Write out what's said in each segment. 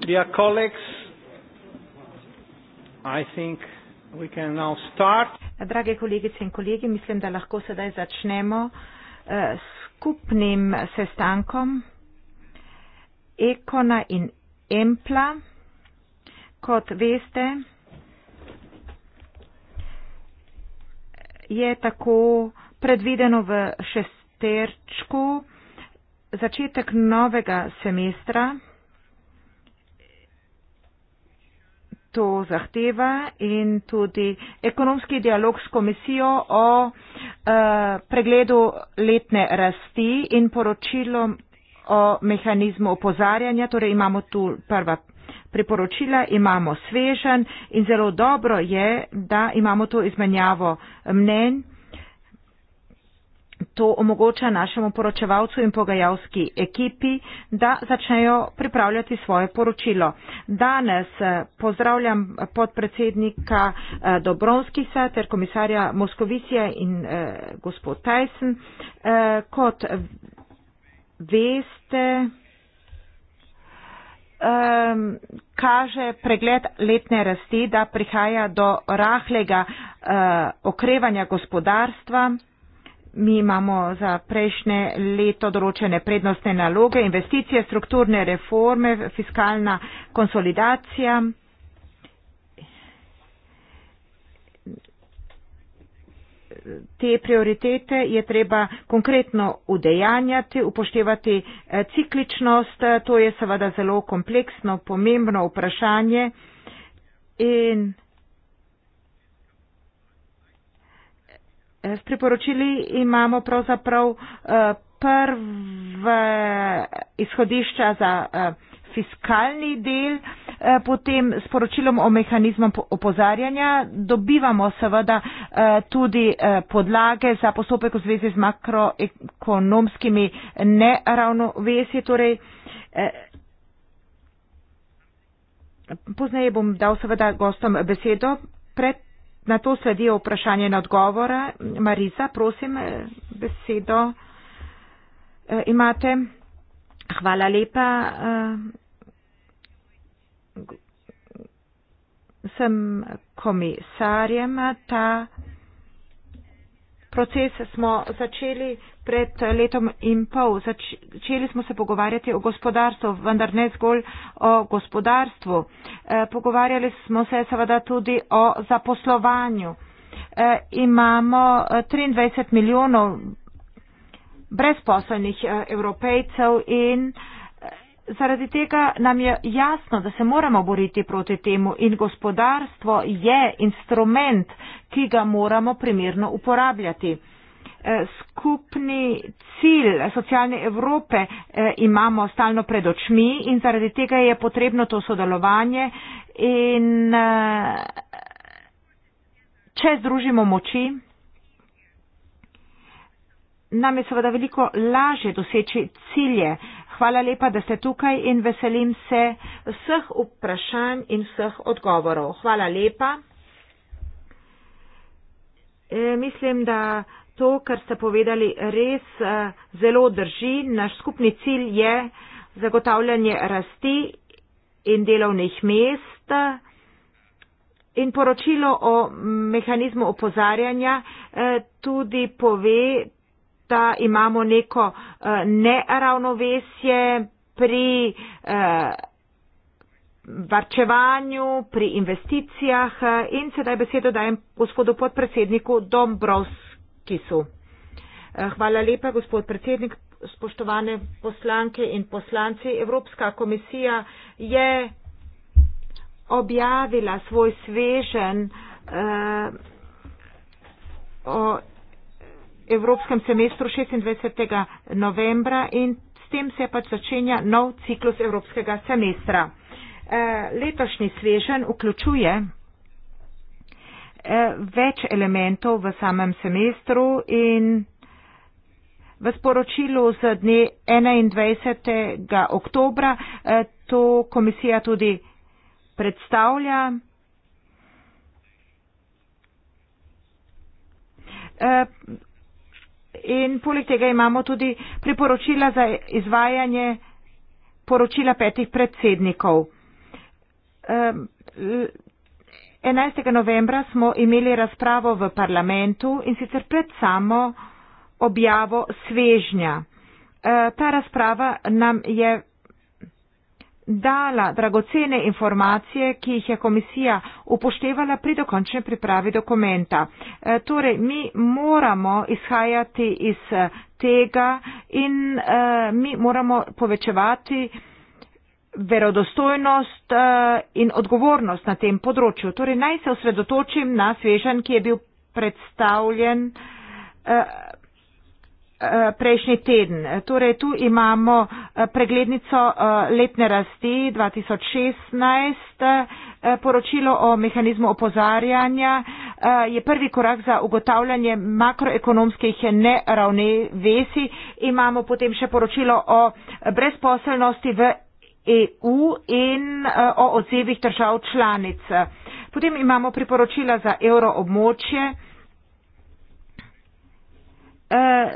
Dear colleagues, I think we can now start. Drage kolegice in kolegi, mislim, da lahko sedaj začnemo uh, skupnim sestankom Ekona in Empla. Kot veste, je tako predvideno v šesterčku začetek novega semestra. to zahteva in tudi ekonomski dialog s komisijo o uh, pregledu letne rasti in poročilom o mehanizmu opozarjanja. Torej imamo tu prva priporočila, imamo svežen in zelo dobro je, da imamo to izmenjavo mnenj. To omogoča našemu poročevalcu in pogajalski ekipi, da začnejo pripravljati svoje poročilo. Danes eh, pozdravljam podpredsednika eh, Dobronskisa ter komisarja Moskovisija in eh, gospod Tyson. Eh, kot veste, eh, kaže pregled letne rasti, da prihaja do rahlega eh, okrevanja gospodarstva. Mi imamo za prejšnje leto določene prednostne naloge, investicije, strukturne reforme, fiskalna konsolidacija. Te prioritete je treba konkretno udejanjati, upoštevati eh, cikličnost, to je seveda zelo kompleksno, pomembno vprašanje. In S eh, priporočili imamo pravzaprav eh, prve izhodišča za eh, fiskalni del, potem s poročilom o mehanizmu opozarjanja dobivamo seveda tudi podlage za postopek v zvezi z makroekonomskimi neravnovesji. Torej, pozneje bom dal seveda gostom besedo. Pred Na to sledijo vprašanje in odgovore. Mariza, prosim, besedo eh, imate. Hvala lepa. Eh, sem komisarjem. Ta proces smo začeli pred letom in pol. Začeli smo se pogovarjati o gospodarstvu, vendar ne zgolj o gospodarstvu. E, pogovarjali smo se seveda tudi o zaposlovanju. E, imamo 23 e, milijonov brezposelnih evropejcev in zaradi tega nam je jasno, da se moramo boriti proti temu in gospodarstvo je instrument, ki ga moramo primerno uporabljati. Eh, skupni cilj socialne Evrope eh, imamo stalno pred očmi in zaradi tega je potrebno to sodelovanje in eh, če združimo moči, nam je seveda veliko lažje doseči cilje. Hvala lepa, da ste tukaj in veselim se vseh vprašanj in vseh odgovorov. Hvala lepa. E, mislim, da to, kar ste povedali, res eh, zelo drži. Naš skupni cilj je zagotavljanje rasti in delovnih mest. In poročilo o mehanizmu opozarjanja eh, tudi pove, da imamo neko eh, neravnovesje pri varčevanju, pri investicijah. In sedaj besedo dajem gospodu podpredsedniku Dombrovskemu kisu. Eh, hvala lepa, gospod predsednik. Spoštovane poslanke in poslanci, Evropska komisija je objavila svoj svežen eh, o Evropskem semestru 26. novembra in s tem se pač začenja nov ciklus Evropskega semestra. Eh, letošnji svežen vključuje Eh, več elementov v samem semestru in v sporočilu z dne 21. oktobra eh, to komisija tudi predstavlja. Eh, in poleg tega imamo tudi priporočila za izvajanje poročila petih predsednikov. 11. novembra smo imeli razpravo v parlamentu in sicer pred samo objavo svežnja. Eh, ta razprava nam je dala dragocene informacije, ki jih je komisija upoštevala pri dokončni pripravi dokumenta. Eh, torej, mi moramo izhajati iz eh, tega in mi moramo povečevati verodostojnost eh, in odgovornost na tem področju. Torej naj se osredotočim na svežen, ki je bil predstavljen eh, eh, prejšnji teden. Torej tu imamo preglednico letne rasti 2016, poročilo o mehanizmu opozarjanja je prvi korak za ugotavljanje makroekonomskih neravnovesij. Imamo potem še poročilo o brezposelnosti v EU in eh, o odzivih držav članic. Potem imamo priporočila za euroobmočje. Eh,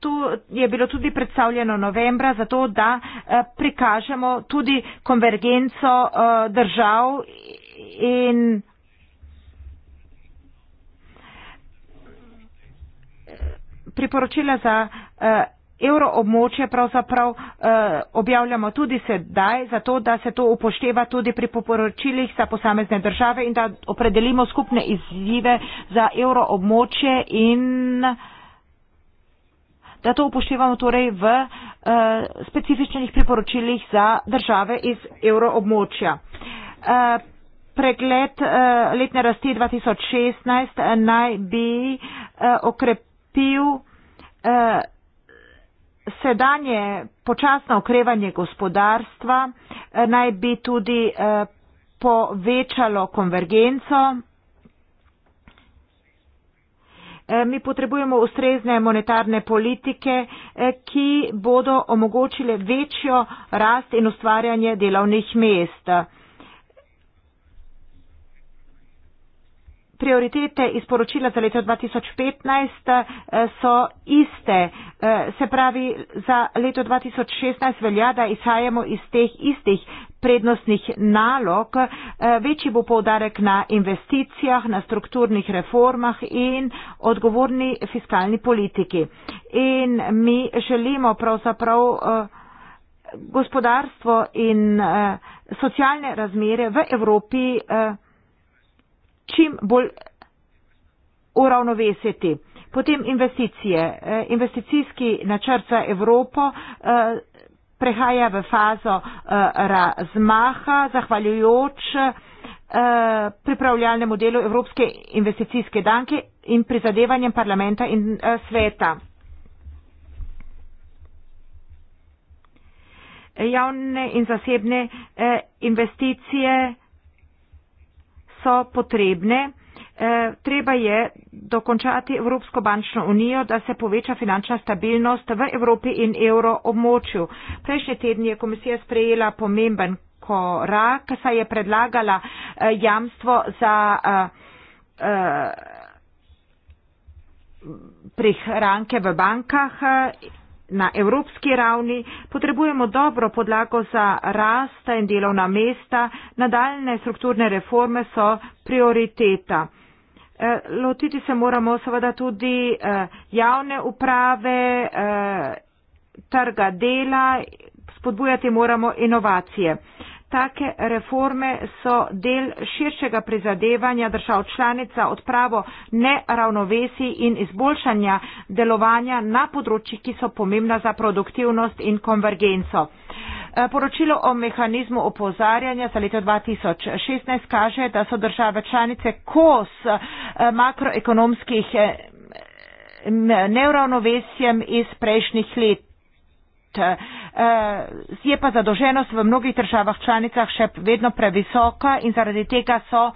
tu je bilo tudi predstavljeno novembra, zato da eh, prikažemo tudi konvergenco držav in priporočila za Evro območje pravzaprav eh, objavljamo tudi sedaj, zato da se to upošteva tudi pri poporočilih za posamezne države in da opredelimo skupne izzive za evro območje in da to upoštevamo torej v eh, specifičnih priporočilih za države iz evro območja. Eh, pregled eh, letne rasti 2016 eh, naj bi eh, okrepil. Eh, sedanje počasno okrevanje gospodarstva eh, naj bi tudi eh, povečalo konvergenco. Eh, mi potrebujemo ustrezne monetarne politike, ki bodo omogočile večjo rast in ustvarjanje delovnih mest. prioritete iz poročila za leto 2015 eh, so iste. Eh, se pravi, za leto 2016 velja, da izhajamo iz teh istih prednostnih nalog. Eh, večji bo povdarek na investicijah, na strukturnih reformah in odgovorni fiskalni politiki. In mi želimo pravzaprav gospodarstvo in socialne razmere v Evropi čim bolj uravnovesiti. Potem investicije. Eh, investicijski načrt za Evropo eh, prehaja v fazo eh, razmaha, zahvaljujoč pripravljalnemu delu Evropske investicijske danke in prizadevanjem parlamenta in sveta. Javne in zasebne investicije so potrebne. Eh, treba je dokončati Evropsko bančno unijo, da se poveča finančna stabilnost v Evropi in evro območju. Prejšnji teden je komisija sprejela pomemben korak, saj je predlagala eh, jamstvo za eh, prihranke v bankah Na evropski ravni potrebujemo dobro podlago za rasta in delovna mesta, nadaljne strukturne reforme so prioriteta. Eh, lotiti se moramo seveda tudi eh, javne uprave, eh, trga dela, spodbujati moramo inovacije. Take reforme so del širšega prizadevanja držav članica odpravo neravnovesij in izboljšanja delovanja na področjih, ki so pomembna za produktivnost in konvergenco. E, poročilo o mehanizmu opozarjanja za leto 2016 kaže, da so države članice kos e, makroekonomskih e, neuravnovesjem iz prejšnjih let. Eh, je pa zadoženost v mnogih državah članicah še vedno previsoka in zaradi tega so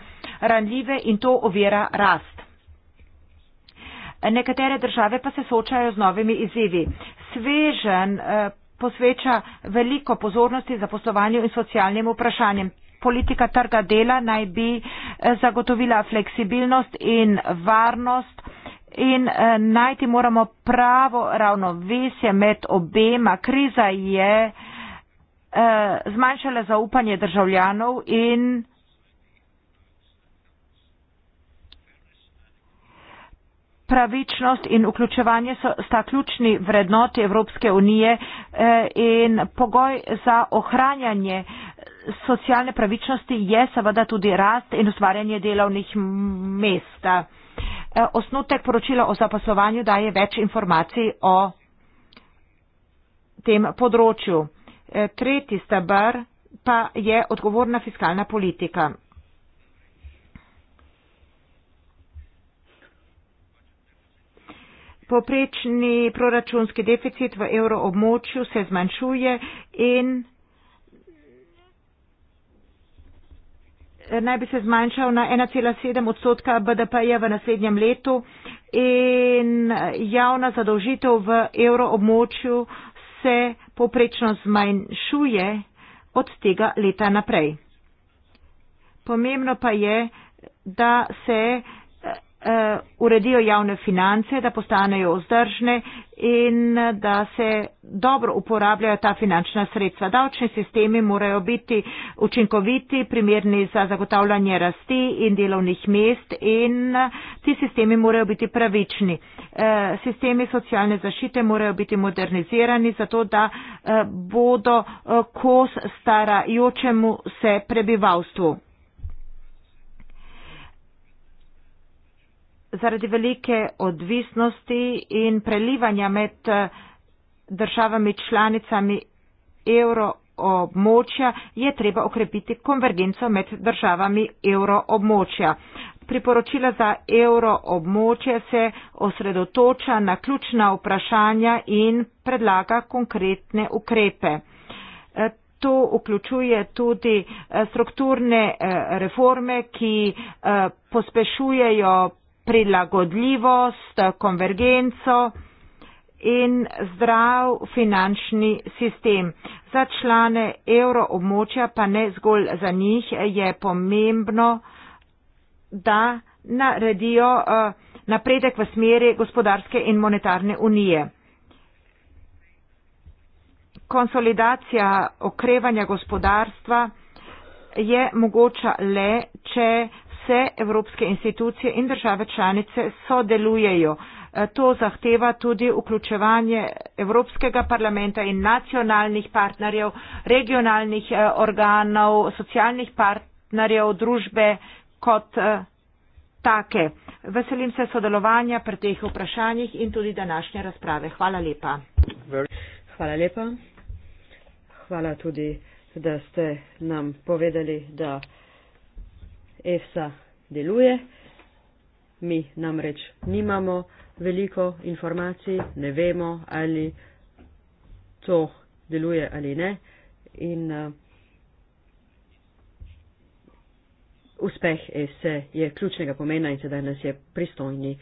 ranljive in to ovira rast. Nekatere države pa se soočajo z novimi izzivi. Svežen eh, posveča veliko pozornosti za poslovanje in socialnim vprašanjem. Politika trga dela naj bi eh, zagotovila fleksibilnost in varnost In eh, najti moramo pravo ravnovesje med obema. Kriza je eh, zmanjšala zaupanje državljanov in pravičnost in vključevanje so, sta ključni vrednoti Evropske unije eh, in pogoj za ohranjanje socialne pravičnosti je seveda tudi rast in ustvarjanje delovnih mesta. Eh, osnutek poročila o zapasovanju daje več informacij o tem področju. Eh, tretji stabar pa je odgovorna fiskalna politika. Poprečni proračunski deficit v evroobmočju se zmanjšuje in naj bi se zmanjšal na 1,7 odstotka BDP-ja v naslednjem letu in javna zadolžitev v evroobmočju se poprečno zmanjšuje od tega leta naprej. Pomembno pa je, da se uh, uredijo javne finance, da postanejo vzdržne in eh, da se dobro uporabljajo ta finančna sredstva. Davčni sistemi morajo biti učinkoviti, primerni za zagotavljanje rasti in delovnih mest in eh, ti sistemi morajo biti pravični. Sistemi socialne zašite morajo biti modernizirani, zato da bodo kos starajočemu se prebivalstvu. zaradi velike odvisnosti in prelivanja med eh, državami članicami evroobmočja je treba okrepiti konvergenco med državami evroobmočja. Priporočila za evroobmočje se osredotoča na ključna vprašanja in predlaga konkretne ukrepe. Eh, to vključuje tudi eh, strukturne reforme, ki pospešujejo prilagodljivost, konvergenco in zdrav finančni sistem. Za člane evroobmočja, pa ne zgolj za njih, je pomembno, da naredijo eh, napredek v smeri gospodarske in monetarne unije. Konsolidacija okrevanja gospodarstva je mogoča le, če vse evropske institucije in države članice sodelujejo. E, to zahteva tudi vključevanje Evropskega parlamenta in nacionalnih partnerjev, regionalnih e, organov, socialnih partnerjev, družbe kot e, take. Veselim se sodelovanja pri teh vprašanjih in tudi današnje razprave. Hvala lepa. Hvala lepa. Hvala tudi, da ste nam povedali, da. EFSA deluje. Mi namreč nimamo veliko informacij, ne vemo, ali to deluje ali ne. In uh, uspeh EFSA je ključnega pomena in sedaj nas je pristojni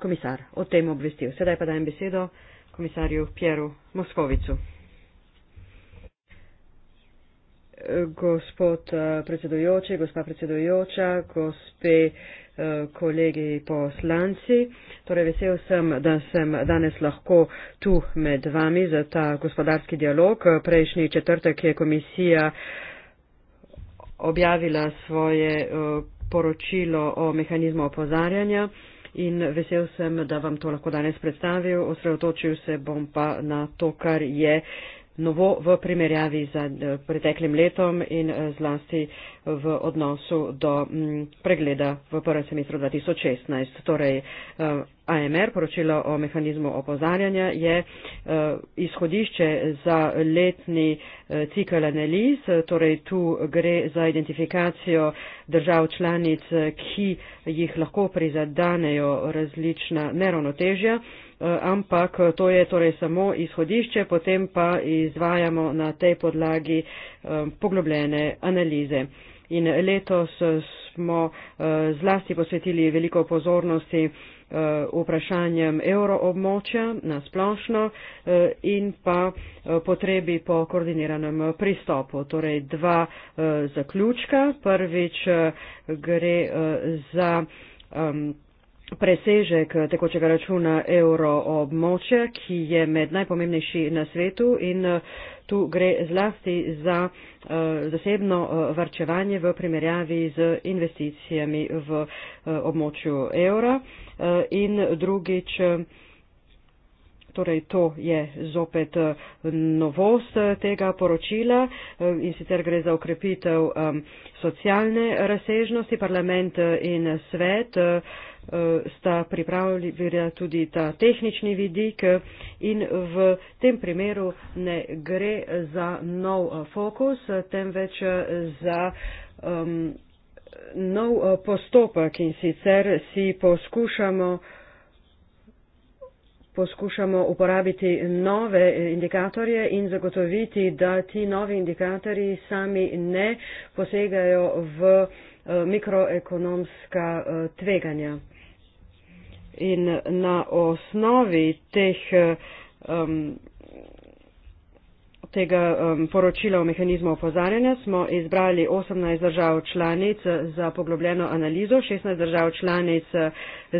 komisar o tem obvestil. Sedaj pa dajem besedo komisarju Pieru Moskovicu. gospod eh, predsedujoči, gospa predsedujoča, gospe eh, kolegi poslanci. Torej, vesel sem, da sem danes lahko tu med vami za ta gospodarski dialog. Prejšnji četrtek je komisija objavila svoje eh, poročilo o mehanizmu opozarjanja in vesel sem, da vam to lahko danes predstavil. Osredotočil se bom pa na to, kar je novo v primerjavi z eh, preteklim letom in eh, zlasti v odnosu do mm, pregleda v prvem semestru 2016. Torej, eh, AMR, poročilo o mehanizmu opozarjanja, je eh, izhodišče za letni eh, cikl analiz. Torej, tu gre za identifikacijo držav članic, eh, ki jih lahko prizadanejo različna neravnotežja, ampak to je torej samo izhodišče, potem pa izvajamo na tej podlagi poglobljene analize. In letos smo zlasti posvetili veliko pozornosti Eh, vprašanjem euroobmočja na splošno eh, in pa eh, potrebi po koordiniranem pristopu. Torej dva zaključka. Prvič gre za presežek tekočega računa evro območja, ki je med najpomembnejši na svetu in eh, tu gre zlasti za eh, zasebno eh, varčevanje v primerjavi z investicijami v območju evra in drugič. Torej, to je zopet novost tega poročila in sicer gre za ukrepitev socialne razsežnosti. Parlament in svet Eh, sta pripravljena tudi ta tehnični vidik in v tem primeru ne gre za nov eh, fokus, temveč eh, za um, nov postopek in sicer si poskušamo, poskušamo uporabiti nove indikatorje in zagotoviti, da ti novi indikatorji sami ne posegajo v mikroekonomska tveganja in na osnovi teh, um, tega um, poročila o mehanizmu opozarjanja smo izbrali 18 držav članic za poglobljeno analizo, 16 držav članic eh,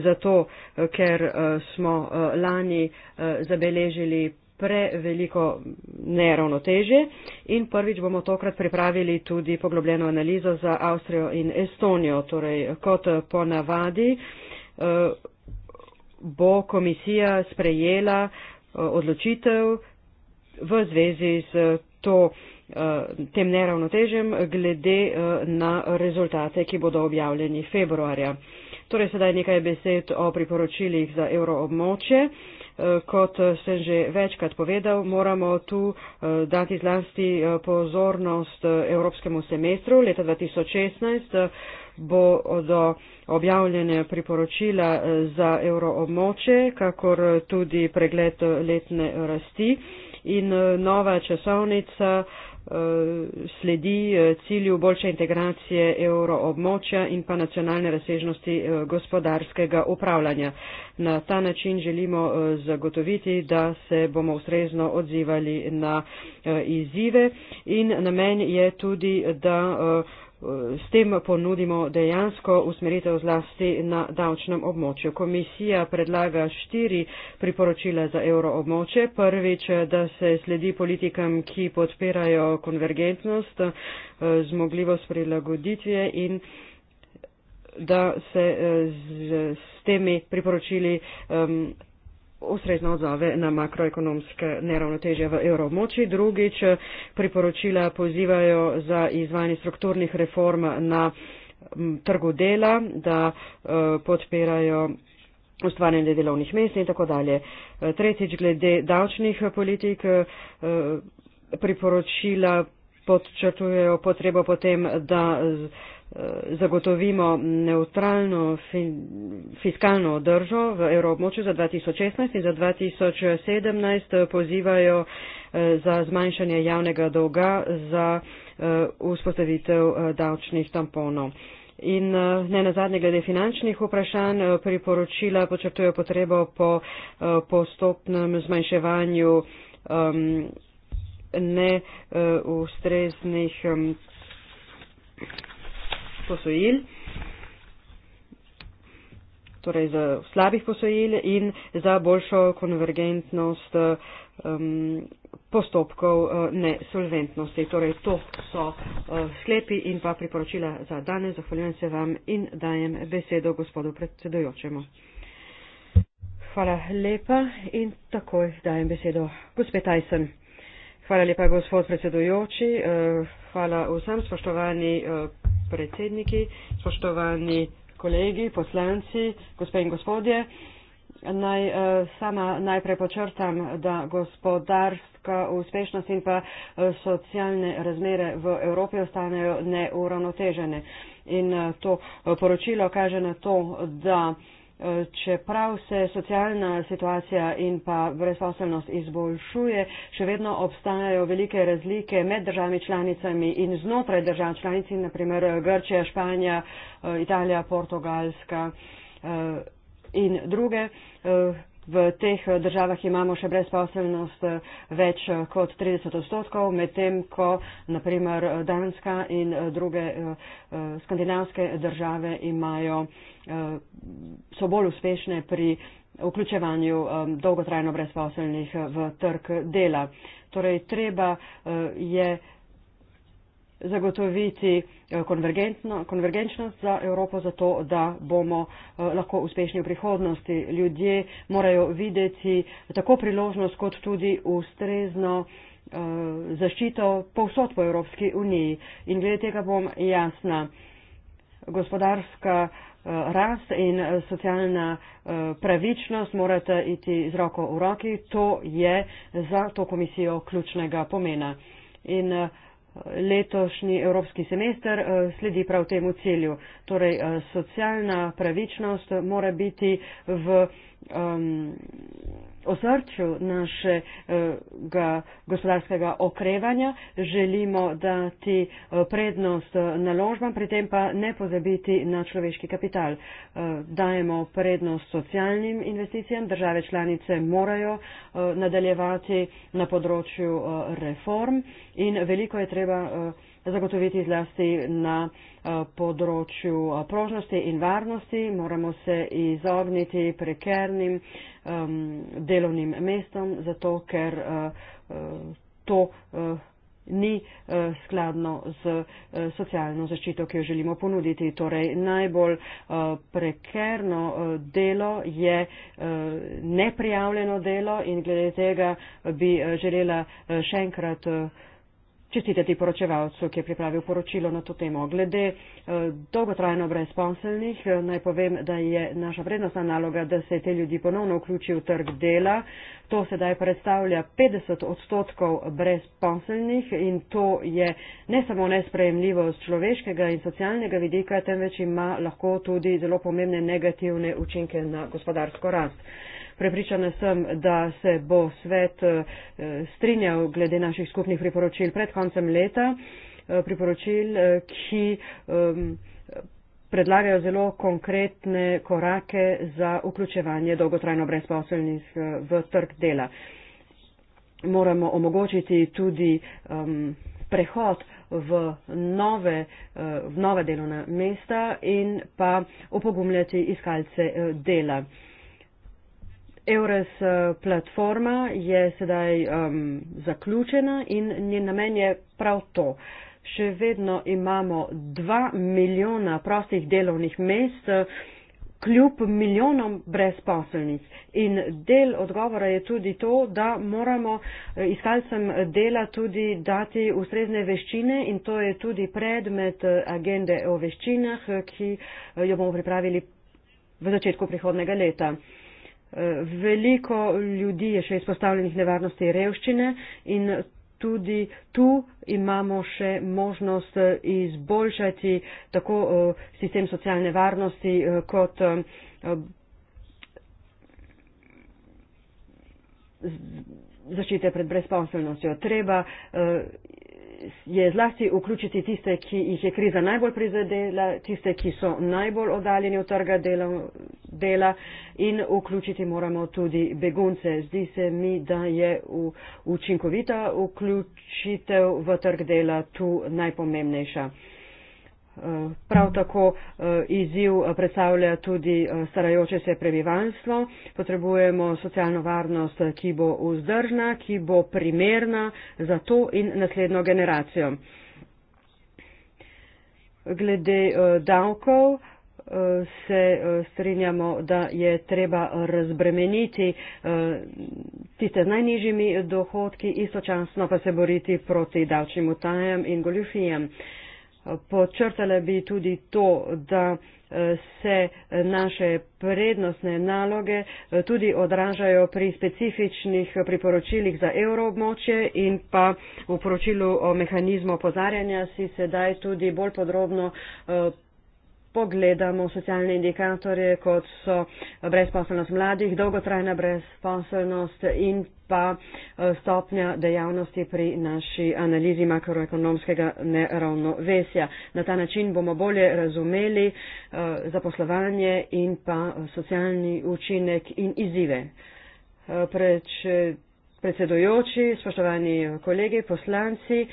zato, eh, ker uh, smo uh, lani uh, zabeležili preveliko neravnotežje in prvič bomo tokrat pripravili tudi poglobljeno analizo za Avstrijo in Estonijo. Torej, kot ponavadi, bo komisija sprejela eh, odločitev v zvezi z to, eh, tem neravnotežem glede eh, na rezultate, ki bodo objavljeni februarja. Torej sedaj nekaj besed o priporočilih za evroobmočje kot sem že večkrat povedal, moramo tu eh, dati zlasti eh, pozornost eh, evropskemu semestru. Leta 2016 bodo objavljene priporočila za euroobmoče, kakor tudi pregled letne rasti in nova časovnica Eh, sledi eh, cilju boljše integracije evroobmočja in pa nacionalne razsežnosti eh, gospodarskega upravljanja. Na ta način želimo zagotoviti, da se bomo ustrezno odzivali na izzive in namen je tudi, da S tem ponudimo dejansko usmeritev zlasti na davčnem območju. Komisija predlaga štiri priporočila za euroobmoče. Prvič, da se sledi politikam, ki podpirajo konvergentnost, zmogljivost prilagoditve in da se z, eh, z, s temi priporočili um, ustrezno odzove na makroekonomske neravnoteže v evromoči. Drugič, priporočila pozivajo za izvajanje strukturnih reform na trgu dela, da eh, podpirajo ustvarjanje delovnih mest in tako dalje. Eh, tretjič, glede davčnih politik, eh, priporočila podčrtujejo potrebo potem, da Eh, zagotovimo neutralno fiskalno držo v evroobmočju za 2016 in za 2017 pozivajo eh, za zmanjšanje javnega dolga za eh, vzpostavitev davčnih tamponov. In ne na zadnje glede finančnih vprašanj, priporočila počrtujejo potrebo po postopnem zmanjševanju um, neustreznih. Um, posojil, torej za slabih posojil in za boljšo konvergentnost um, postopkov uh, nesolventnosti. Torej to so uh, sklepi in pa priporočila za danes. Zahvaljujem se vam in dajem besedo gospodu predsedojočemu. Hvala lepa in takoj dajem besedo gospe Tyson. Hvala lepa, gospod predsedujoči. Uh, hvala vsem spoštovani uh, predsedniki, spoštovani kolegi, poslanci, gospe in gospodje. Naj eh, sama najprej počrtam, da gospodarska uspešnost in pa eh, socialne razmere v Evropi ostanejo neuravnotežene. In eh, to poročilo kaže na to, da Čeprav se socialna situacija in pa brezposelnost izboljšuje, še vedno obstajajo velike razlike med državami članicami in znotraj držav članic, naprimer eh, Grčija, Španija, eh, Italija, Portugalska eh, in druge. V teh eh, državah imamo še brezposelnost eh, več eh, kot 30 odstotkov, medtem ko naprimer Danska in druge skandinavske države imajo, so bolj uspešne pri vključevanju dolgotrajno brezposelnih v trg dela. Torej, treba je zagotoviti eh, konvergenčnost za Evropo, zato da bomo eh, lahko uspešni v prihodnosti. Ljudje morajo videti tako priložnost, kot tudi ustrezno eh, zaščito povsod po Evropski uniji. In glede tega bom jasna. Gospodarska rast in socialna pravičnost morata iti z roko v roki. To je za to komisijo ključnega pomena. In uh, letošnji evropski semester eh, sledi prav temu cilju. Torej, eh, socialna pravičnost mora biti v. Um, osrčju našega eh, gospodarskega okrevanja želimo dati eh, prednost eh, naložbam, pri tem pa ne pozabiti na človeški kapital. Dajemo prednost socialnim investicijam, države članice morajo nadaljevati na področju reform in veliko je treba zagotoviti zlasti na eh, področju eh, prožnosti in varnosti. Moramo se izogniti prekernim um, delovnim mestom, zato ker uh, to uh, ni uh, skladno z uh, socialno zaščito, ki jo želimo ponuditi. Torej, najbolj uh, prekerno uh, delo je uh, neprijavljeno delo in glede tega bi uh, želela uh, še enkrat. Uh, Čestite ti poročevalcu, ki je pripravil poročilo na to temo. Glede eh, dolgotrajno brezposelnih, eh, naj povem, da je naša prednostna naloga, da se te ljudi ponovno vključi v trg dela. To sedaj predstavlja 50 odstotkov brezposelnih in to je ne samo nesprejemljivo z človeškega in socialnega vidika, temveč ima lahko tudi zelo pomembne negativne učinke na gospodarsko rast. Prepričana sem, da se bo svet eh, strinjal glede naših skupnih priporočil pred koncem leta, eh, priporočil, eh, ki. Um, predlagajo zelo konkretne korake za vključevanje dolgotrajno brezposelnih eh, v trg dela. Moramo omogočiti tudi um, prehod v nove, eh, v nove delovna mesta in pa opogumljati iskalce eh, dela. EURES platforma je sedaj um, zaključena in njen namen je prav to. Uh, še vedno imamo 2 milijona prostih delovnih mest, kljub milijonom brezposelnic. In del odgovora je tudi to, da moramo eh, iskalcem dela tudi dati ustrezne veščine in to je tudi predmet eh, agende o veščinah, eh, ki jo bomo pripravili v začetku prihodnega leta. Veliko ljudi je še izpostavljenih nevarnosti revščine in tudi tu imamo še možnost eh, izboljšati tako eh, sistem socialne varnosti eh, kot zaščite pred brezposelnostjo. Treba je zlasti vključiti tiste, ki jih je kriza najbolj prizadela, tiste, ki so najbolj oddaljeni od trga delov dela in vključiti moramo tudi begunce. Zdi se mi, da je učinkovita vključitev v trg dela tu najpomembnejša. Eh, prav tako eh, izziv predstavlja tudi eh, starajoče se prebivalstvo. Potrebujemo socialno varnost, ki bo vzdržna, ki bo primerna za to in naslednjo generacijo. Glede davkov se eh, strinjamo, da je treba razbremeniti eh, tiste najnižjimi dohodki, istočasno pa se boriti proti davčnim utajam in goljufijam. Počrtala bi tudi to, da eh, se naše prednostne naloge tudi odražajo pri specifičnih priporočilih za evroobmočje in pa v poročilu o mehanizmu opozarjanja si sedaj tudi bolj podrobno pogledamo socialne indikatorje, kot so brezposelnost mladih, dolgotrajna brezposelnost in pa eh, stopnja dejavnosti pri naši analizi makroekonomskega neravnovesja. Na ta način bomo bolje razumeli eh, zaposlovanje in pa socialni učinek in izzive. Eh, preč, predsedujoči, spoštovani kolegi, poslanci,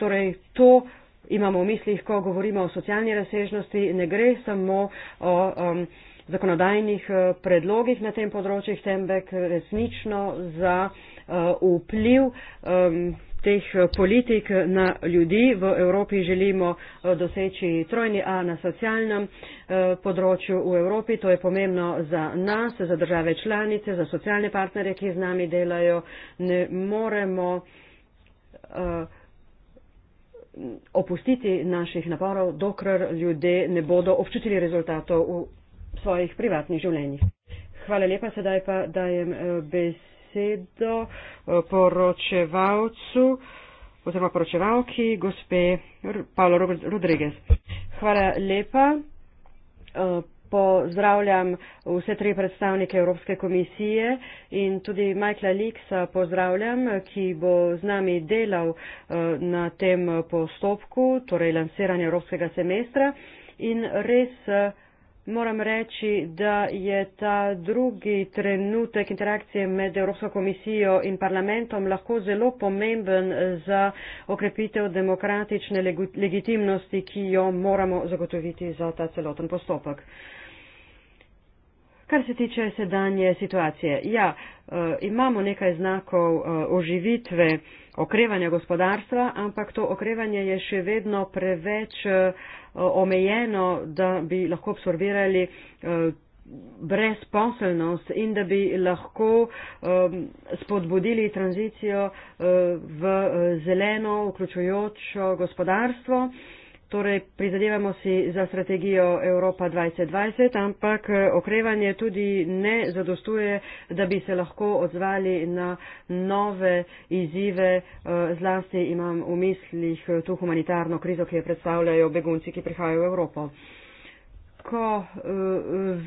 torej to, imamo v mislih, ko govorimo o socialni razsežnosti, ne gre samo o um, zakonodajnih eh, predlogih na tem področju, temveč resnično za uh, vpliv um, teh politik na ljudi. V Evropi želimo eh, doseči trojni A na socialnem področju v Evropi. To je pomembno za nas, za države članice, za socialne partnere, ki z nami delajo. Ne moremo uh, opustiti naših naporov, dokler ljudje ne bodo občutili rezultatov v svojih privatnih življenjih. Hvala lepa, sedaj pa dajem eh, besedo eh, poročevalcu oziroma poročevalki gospe Paolo Rodriguez. Hvala lepa. Eh, pozdravljam vse tri predstavnike Evropske komisije in tudi Michaela Leaksa pozdravljam, ki bo z nami delal eh, na tem postopku, torej lansiranje Evropskega semestra. In res eh, moram reči, da je ta drugi trenutek interakcije med Evropsko komisijo in parlamentom lahko zelo pomemben za okrepitev demokratične legitimnosti, ki jo moramo zagotoviti za ta celoten postopek. Kar se tiče sedanje situacije, ja, eh, imamo nekaj znakov eh, oživitve okrevanja gospodarstva, ampak to okrevanje je še vedno preveč eh, omejeno, da bi lahko absorbirali brezposelnost in da bi lahko um, spodbudili tranzicijo uh, v zeleno, vključujočo gospodarstvo. Uh, Torej, prizadevamo si za strategijo Evropa 2020, ampak eh, okrevanje tudi ne zadostuje, da bi se lahko odzvali na nove izzive. Eh, zlasti imam v mislih eh, tu humanitarno krizo, ki jo predstavljajo begunci, ki prihajajo v Evropo. Ko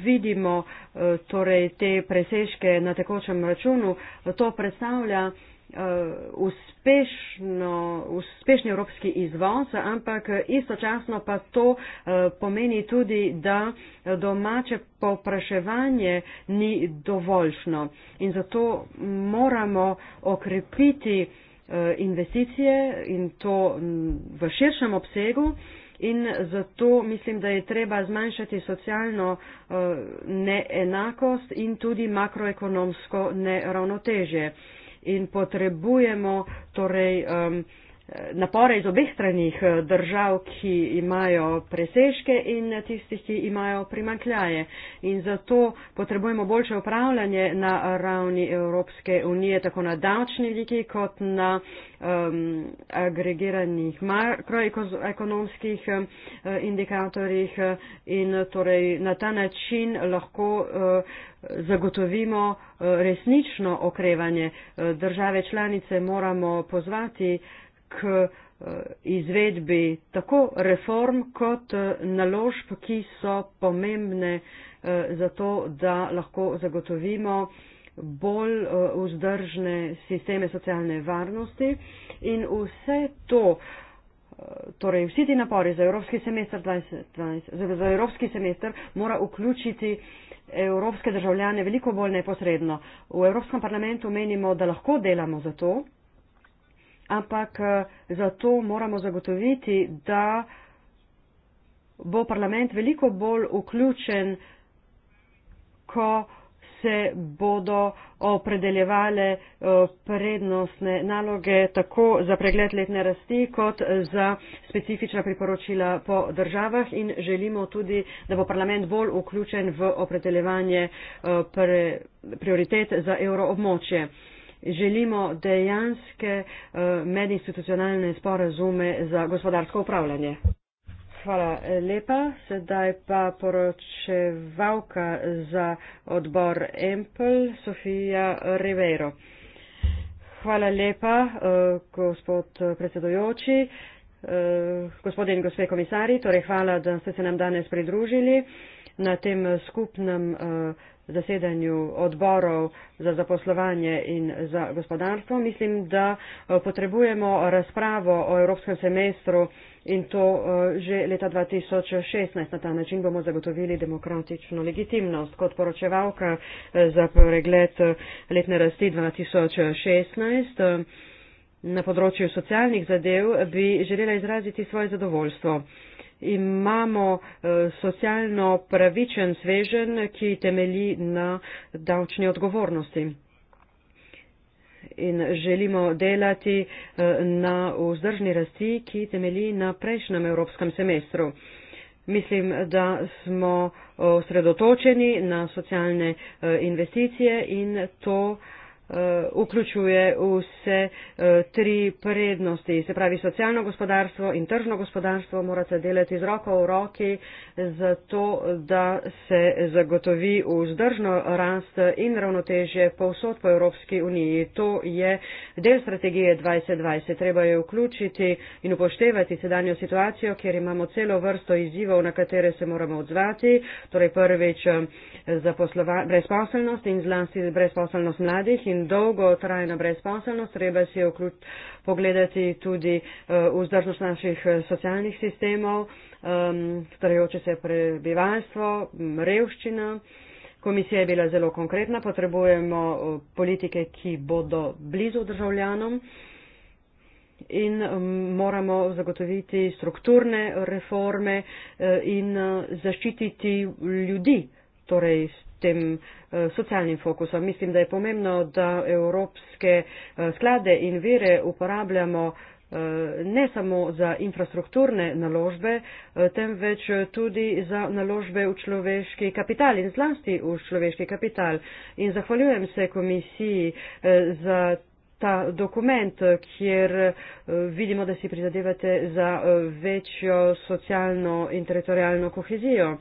vidimo torej, te presežke na tekočem računu, to predstavlja Eh, uspešno, uspešni evropski izvoz, ampak istočasno pa to eh, pomeni tudi, da domače popraševanje ni dovoljšno in zato moramo okrepiti eh, investicije in to mm, v širšem obsegu. In zato mislim, da je treba zmanjšati socialno neenakost in tudi makroekonomsko neravnotežje in potrebujemo torej, um, Eh, napore iz obeh stranih eh, držav, ki imajo presežke in tistih, ki imajo primankljaje. In zato potrebujemo boljše upravljanje na ravni Evropske unije, tako na davčni liki, kot na um, agregiranih makroekonomskih eh, indikatorjih. In torej na ta način lahko uh, zagotovimo resnično okrevanje. Države članice moramo pozvati, k eh, izvedbi tako reform kot eh, naložb, ki so pomembne eh, za to, da lahko zagotovimo bolj vzdržne sisteme socialne varnosti. In vse to, torej vsi ti napori za evropski semester 2012, za evropski semester mora vključiti evropske državljane veliko bolj neposredno. V Evropskem parlamentu menimo, da lahko delamo za to, ampak eh, zato moramo zagotoviti, da bo parlament veliko bolj vključen, ko se bodo opredeljevale eh, prednostne naloge tako za pregled letne rasti kot za specifična priporočila po državah in želimo tudi, da bo parlament bolj vključen v opredeljevanje eh, prioritet za evroobmočje želimo dejanske eh, medinstitucionalne sporazume za gospodarsko upravljanje. Hvala eh, lepa. Sedaj pa poročevalka za odbor Empel, Sofija Rivero. Hvala lepa, eh, gospod predsedojoči, gospodin in gospe komisari. Torej, hvala, da ste se nam danes pridružili na tem skupnem zasedanju odborov za zaposlovanje in za gospodarstvo. Mislim, da eh, potrebujemo razpravo o evropskem semestru in to eh, že leta 2016. Na ta način bomo zagotovili demokratično legitimnost. Kot poročevalka eh, za pregled letne rasti 2016 na področju socialnih zadev bi želela izraziti svoje zadovoljstvo imamo uh, socialno pravičen svežen, ki temelji na davčni odgovornosti. In želimo delati eh, na vzdržni rasti, ki temelji na prejšnjem evropskem semestru. Mislim, da smo eh, osredotočeni na socialne investicije in to uh, Eh, vključuje vse eh, tri prednosti. Se pravi, socialno gospodarstvo in tržno gospodarstvo morate delati z roko v roki, zato da se zagotovi vzdržno rast in ravnotežje povsod po Evropski uniji. To je del strategije 2020. Treba je vključiti in upoštevati sedanjo situacijo, kjer imamo celo vrsto izzivov, na katere se moramo odzvati. Torej prvič eh, brezposelnost in zlasti brezposelnost mladih. In in dolgo trajno brezposobnost. Treba si je vključ, pogledati tudi uh, vzdržnost naših eh, socialnih sistemov, um, ehm, starajoče se prebivalstvo, revščina. Komisija je bila zelo konkretna, potrebujemo eh, politike, ki bodo blizu državljanom in moramo zagotoviti strukturne reforme in zaščititi ljudi, torej tem eh, socialnim fokusom. Mislim, da je pomembno, da evropske eh, sklade in vire uporabljamo eh, ne samo za infrastrukturne naložbe, temveč tudi za naložbe v človeški kapital in zlasti v človeški kapital. In zahvaljujem se komisiji za. Ta dokument, kjer vidimo, da si prizadevate za večjo socialno in teritorijalno kohezijo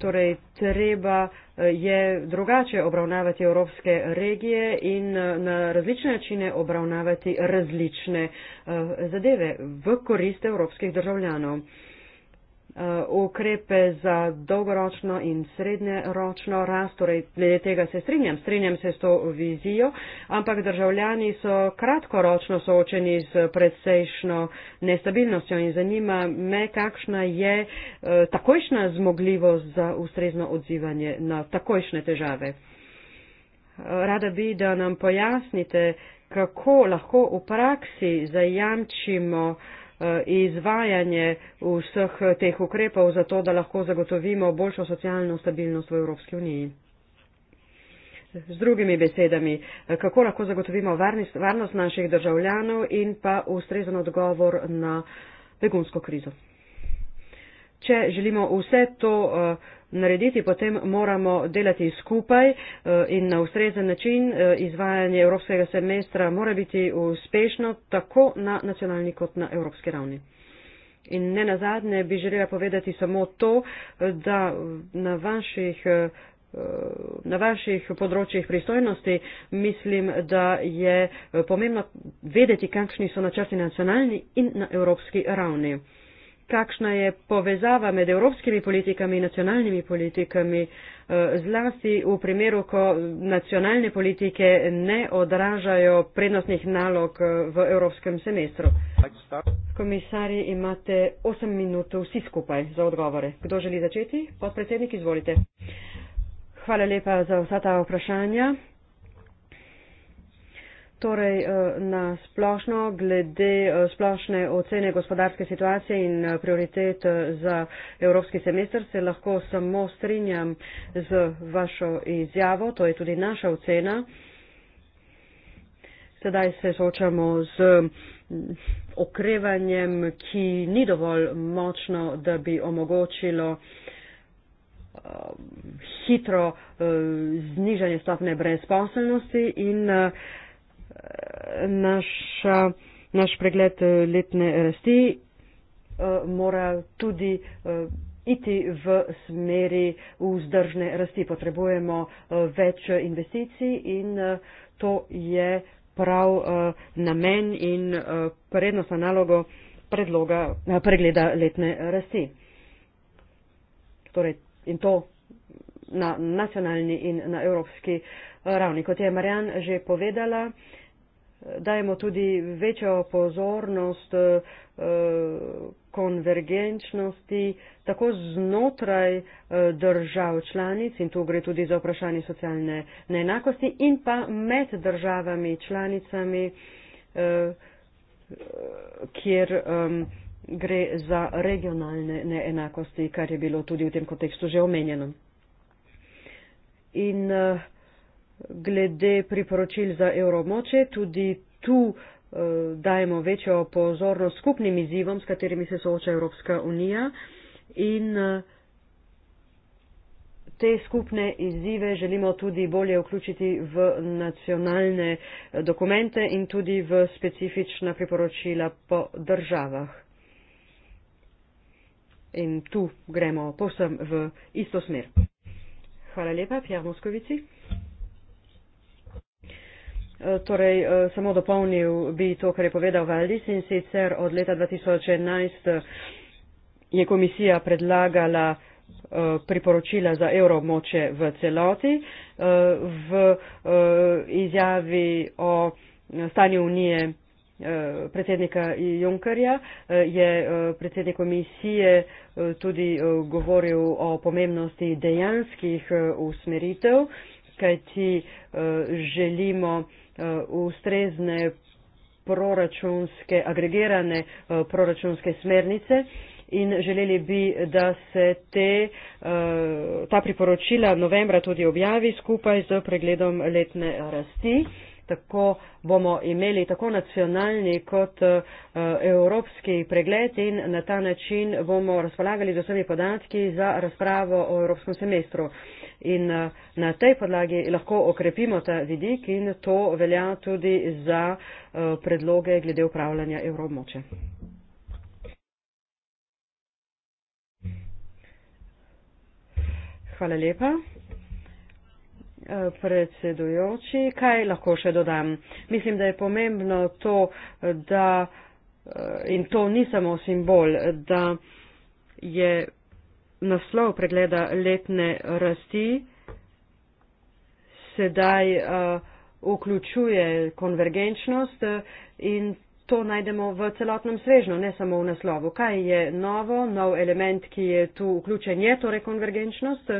torej treba eh, je drugače obravnavati evropske regije in eh, na različne načine obravnavati različne eh, zadeve v korist evropskih državljanov. Eh, ukrepe za dolgoročno in srednjeročno rast, torej glede tega se strinjam, strinjam se s to vizijo, ampak državljani so kratkoročno soočeni z predsejšno nestabilnostjo in zanima me, kakšna je eh, takojšna zmogljivost za ustrezno odzivanje na takojšne težave. Eh, rada bi, da nam pojasnite, kako lahko v praksi zajamčimo uh, izvajanje vseh teh ukrepov, zato da lahko zagotovimo boljšo socialno stabilnost v Evropski uniji. Z drugimi besedami, kako lahko zagotovimo varnost naših državljanov in pa ustrezen odgovor na begunsko krizo. Če želimo vse to uh, narediti, potem moramo delati skupaj eh, in na ustrezen način eh, izvajanje evropskega semestra mora biti uspešno tako na nacionalni kot na evropski ravni. In ne nazadnje bi želela povedati samo to, da na vaših, eh, na vaših področjih pristojnosti mislim, da je pomembno vedeti, kakšni so načrti nacionalni in na evropski ravni kakšna je povezava med evropskimi politikami in nacionalnimi politikami, eh, zlasti v primeru, ko nacionalne politike ne odražajo prednostnih nalog eh, v evropskem semestru. Komisari, imate 8 minut vsi skupaj za odgovore. Kdo želi začeti? Podpredsednik, izvolite. Hvala lepa za vsa ta vprašanja. Torej, eh, na splošno, glede eh, splošne ocene gospodarske situacije in eh, prioritet za evropski semester, se lahko samo strinjam z vašo izjavo, to je tudi naša ocena. Sedaj se soočamo z okrevanjem, ki ni dovolj močno, da bi omogočilo hitro znižanje stopne brezposelnosti in naša, naš pregled eh, letne rasti eh, mora tudi eh, iti v smeri vzdržne rasti. Potrebujemo več investicij in to je prav namen in prednostna nalogo predloga, pregleda letne rasti. Torej, in to na nacionalni in na evropski ravni. Kot je Marjan že povedala, dajemo tudi večjo pozornost eh, konvergenčnosti tako znotraj eh, držav članic in tu gre tudi za vprašanje socialne neenakosti in pa med državami članicami, eh, kjer gre za regionalne neenakosti, kar je bilo tudi v tem kontekstu že omenjeno. In uh, glede priporočil za evromoče. Tudi tu uh, dajemo večjo pozornost skupnim izzivom, s katerimi se sooča Evropska unija. In uh, te skupne izzive želimo tudi bolje vključiti v nacionalne eh, dokumente in tudi v specifična priporočila po državah. In tu gremo povsem v isto smer. Hvala lepa, Pjav Moskovici. Eh, torej, eh, samo dopolnil bi to, kar je povedal Valdis in sicer od leta 2011 eh, je komisija predlagala priporočila za evromoče v celoti. V izjavi o stanju unije predsednika Junkerja je predsednik komisije tudi govoril o pomembnosti dejanskih usmeritev, kajti želimo Eh, ustrezne proračunske, agregirane eh, proračunske smernice in želeli bi, da se te, eh, ta priporočila novembra tudi objavi skupaj z pregledom letne rasti tako bomo imeli tako nacionalni kot eh, evropski pregled in na ta način bomo razpolagali z vsemi podatki za razpravo o evropskem semestru. In eh, na tej podlagi lahko okrepimo ta vidik in to velja tudi za eh, predloge glede upravljanja evromoče. Hvala lepa predsedujoči, kaj lahko še dodam? Mislim, da je pomembno to, da eh, in to ni samo simbol, da je naslov pregleda letne rasti sedaj eh, vključuje konvergenčnost eh, in to najdemo v celotnem svežnju, ne samo v naslovu. Kaj je novo, nov element, ki je tu vključen, je torej konvergenčnost.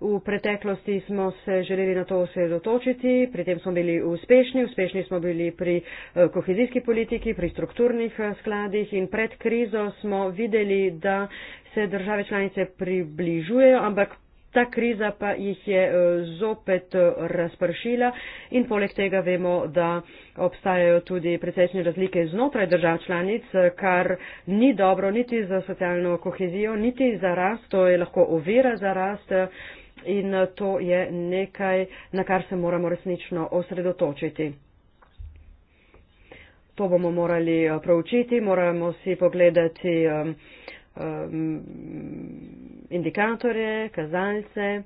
V preteklosti smo se želeli na to osredotočiti, pri tem smo bili uspešni, uspešni smo bili pri eh, kohezijski politiki, pri strukturnih eh, skladih in pred krizo smo videli, da se države članice približujejo, ampak ta kriza pa jih je eh, zopet razpršila in poleg tega vemo, da obstajajo tudi precejšnje razlike znotraj držav članic, kar ni dobro niti za socialno kohezijo, niti za rast, to je lahko ovira za rast in eh, to je nekaj, na kar se moramo resnično osredotočiti. To bomo morali eh, proučiti, moramo si pogledati um, um, indikatorje, kazalce.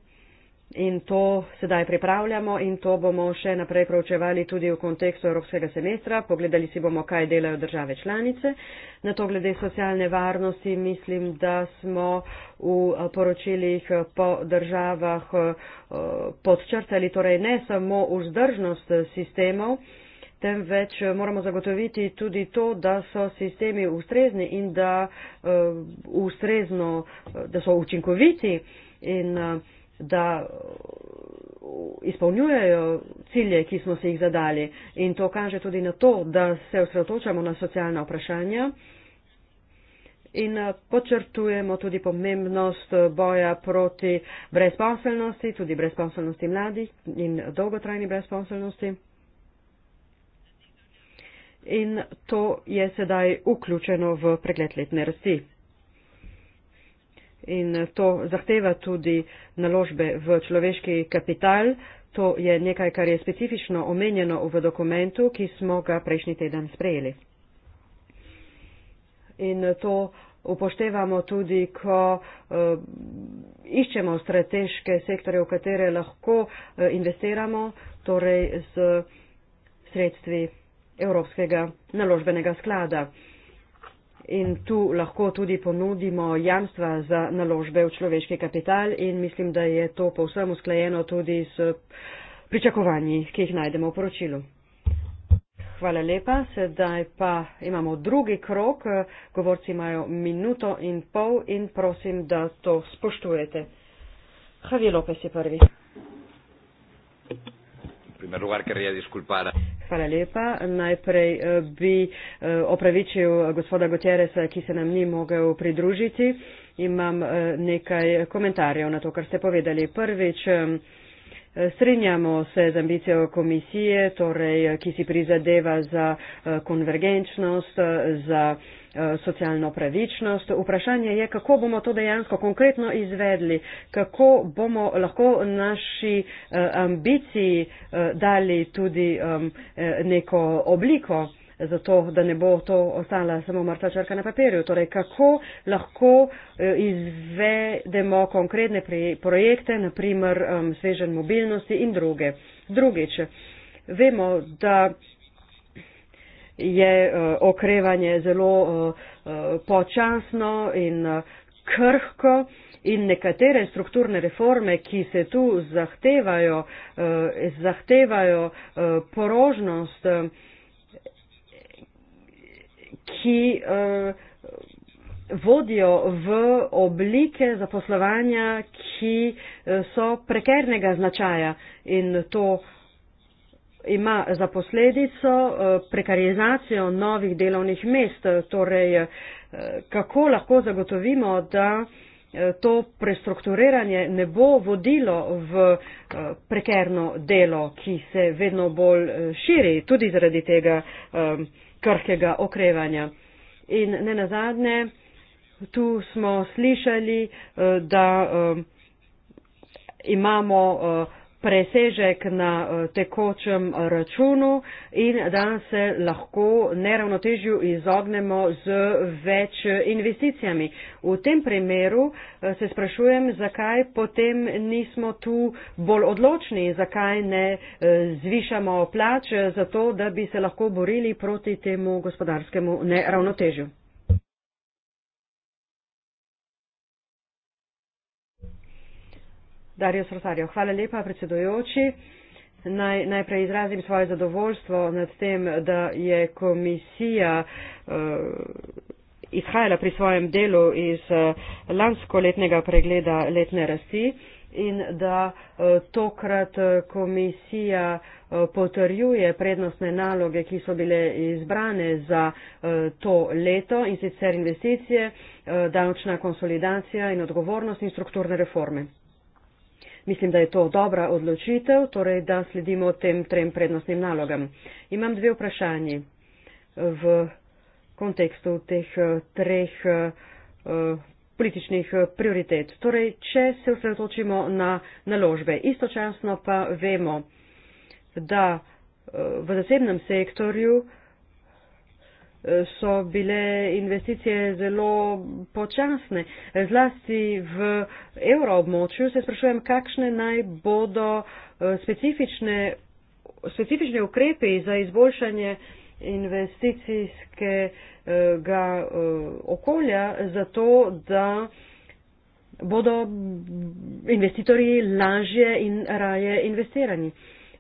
In to sedaj pripravljamo in to bomo še naprej proučevali tudi v kontekstu evropskega semestra. Pogledali si bomo, kaj delajo države članice. Na to glede socialne varnosti mislim, da smo v eh, poročilih eh, po državah eh, podčrtali torej ne samo vzdržnost sistemov, temveč moramo zagotoviti tudi to, da so sistemi ustrezni in da, ustrezno, da so učinkoviti. In, uh, da uh, izpolnjujejo cilje, ki smo si jih zadali. In to kaže tudi na to, da se osredotočamo na socialna vprašanja in uh, počrtujemo tudi pomembnost boja proti brezposelnosti, tudi brezposelnosti mladih in dolgotrajni brezposelnosti. In to je sedaj vključeno v pregled letne rasti in eh, to zahteva tudi naložbe v človeški kapital. To je nekaj, kar je specifično omenjeno v dokumentu, ki smo ga prejšnji teden sprejeli. In eh, to upoštevamo tudi, ko uh, iščemo strateške sektore, v katere lahko uh, investiramo, torej z sredstvi Evropskega naložbenega sklada. Uh, in tu lahko tudi ponudimo jamstva za naložbe v človeški kapital in mislim, da je to povsem usklajeno tudi s pričakovanji, ki jih najdemo v poročilu. Hvala lepa. Sedaj pa imamo drugi krok. Govorci imajo minuto in pol in prosim, da to spoštujete. Javi Lopes je prvi. Thank you primer lugar querría disculpar. Hvala lepa. Najprej eh, bi eh, opravičil eh, gospoda Gutjereza, ki se nam ni mogel pridružiti. Imam nekaj komentarjev na to, kar ste povedali. Prvič, strinjamo se z ambicijo komisije, torej, ki si prizadeva za konvergenčnost, za. Eh, socialno pravičnost. Vprašanje je, kako bomo to dejansko konkretno izvedli, kako bomo lahko naši eh, ambiciji eh, dali tudi neko obliko zato da ne bo to ostala samo mrtva črka na papirju. Torej, kako lahko izvedemo konkretne projekte, naprimer um, svežen mobilnosti in druge. Drugič, vemo, da je uh, okrevanje zelo uh, uh, počasno in uh, krhko in nekatere strukturne reforme, ki se tu zahtevajo, uh, zahtevajo uh, porožnost, uh, ki. Uh, vodijo v oblike zaposlovanja, ki so prekernega značaja in to uh, ima za posledico eh, prekarizacijo novih delovnih mest. Torej, eh, kako lahko zagotovimo, da eh, to prestrukturiranje ne bo vodilo v prekerno delo, ki se vedno bolj širi, tudi zaradi tega krhkega okrevanja. In ne nazadnje, tu smo slišali, da imamo presežek na eh, tekočem računu in da se lahko neravnotežju izognemo z več investicijami. V tem primeru eh, se sprašujem, zakaj potem nismo tu bolj odločni, zakaj ne eh, zvišamo plač za to, da bi se lahko borili proti temu gospodarskemu neravnotežju. Darijo Srotarjo. Hvala lepa, predsedujoči. Naj, najprej izrazim svoje zadovoljstvo nad tem, da je komisija uh, izhajala pri svojem delu iz uh, lansko letnega pregleda letne rasti in da uh, tokrat komisija uh, potrjuje prednostne naloge, ki so bile izbrane za uh, to leto in sicer investicije, uh, davčna konsolidacija in odgovornost in strukturne reforme. Mislim, da je to dobra odločitev, torej da sledimo tem trem prednostnim nalogam. Imam dve vprašanji v kontekstu teh eh, treh uh, političnih eh, prioritet. Torej, če se osredotočimo na naložbe, istočasno pa vemo, da uh, v zasebnem sektorju uh, so bile investicije zelo počasne, zlasti v evroobmočju. Se sprašujem, kakšne naj bodo eh, specifične, specifične ukrepe za izboljšanje investicijskega eh, okolja, zato da bodo investitorji lažje in raje investirani.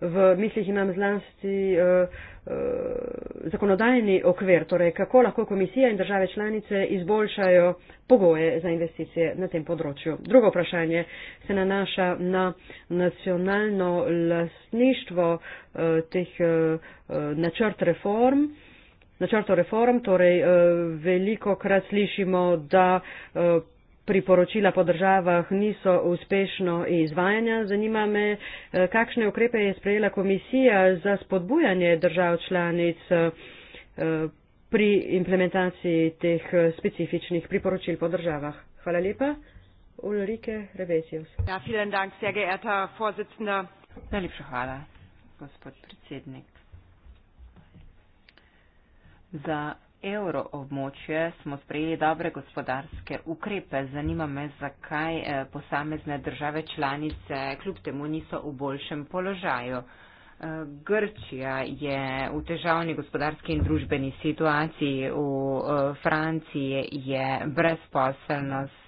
V mislih imam zlasti uh, Eh, zakonodajni okvir, torej kako lahko komisija in države članice izboljšajo pogoje za investicije na tem področju. Drugo vprašanje se nanaša na nacionalno lasništvo eh, teh eh, načrt reform. Načrto reform, torej veliko krat slišimo, da priporočila po državah niso uspešno izvajanja. Zanima me, eh, kakšne ukrepe je sprejela komisija za spodbujanje držav članic eh, pri implementaciji teh eh, specifičnih priporočil po državah. Hvala lepa. Ulrike Revesius. Ja, vielen Dank, sehr geehrter Vorsitzender. Najlepša hvala, gospod predsednik. Za evroobmočje smo sprejeli dobre gospodarske ukrepe. Zanima me, zakaj eh, posamezne države članice kljub temu niso v boljšem položaju. Eh, Grčija je v težavni gospodarski in družbeni situaciji, v eh, Franciji je brezposelnost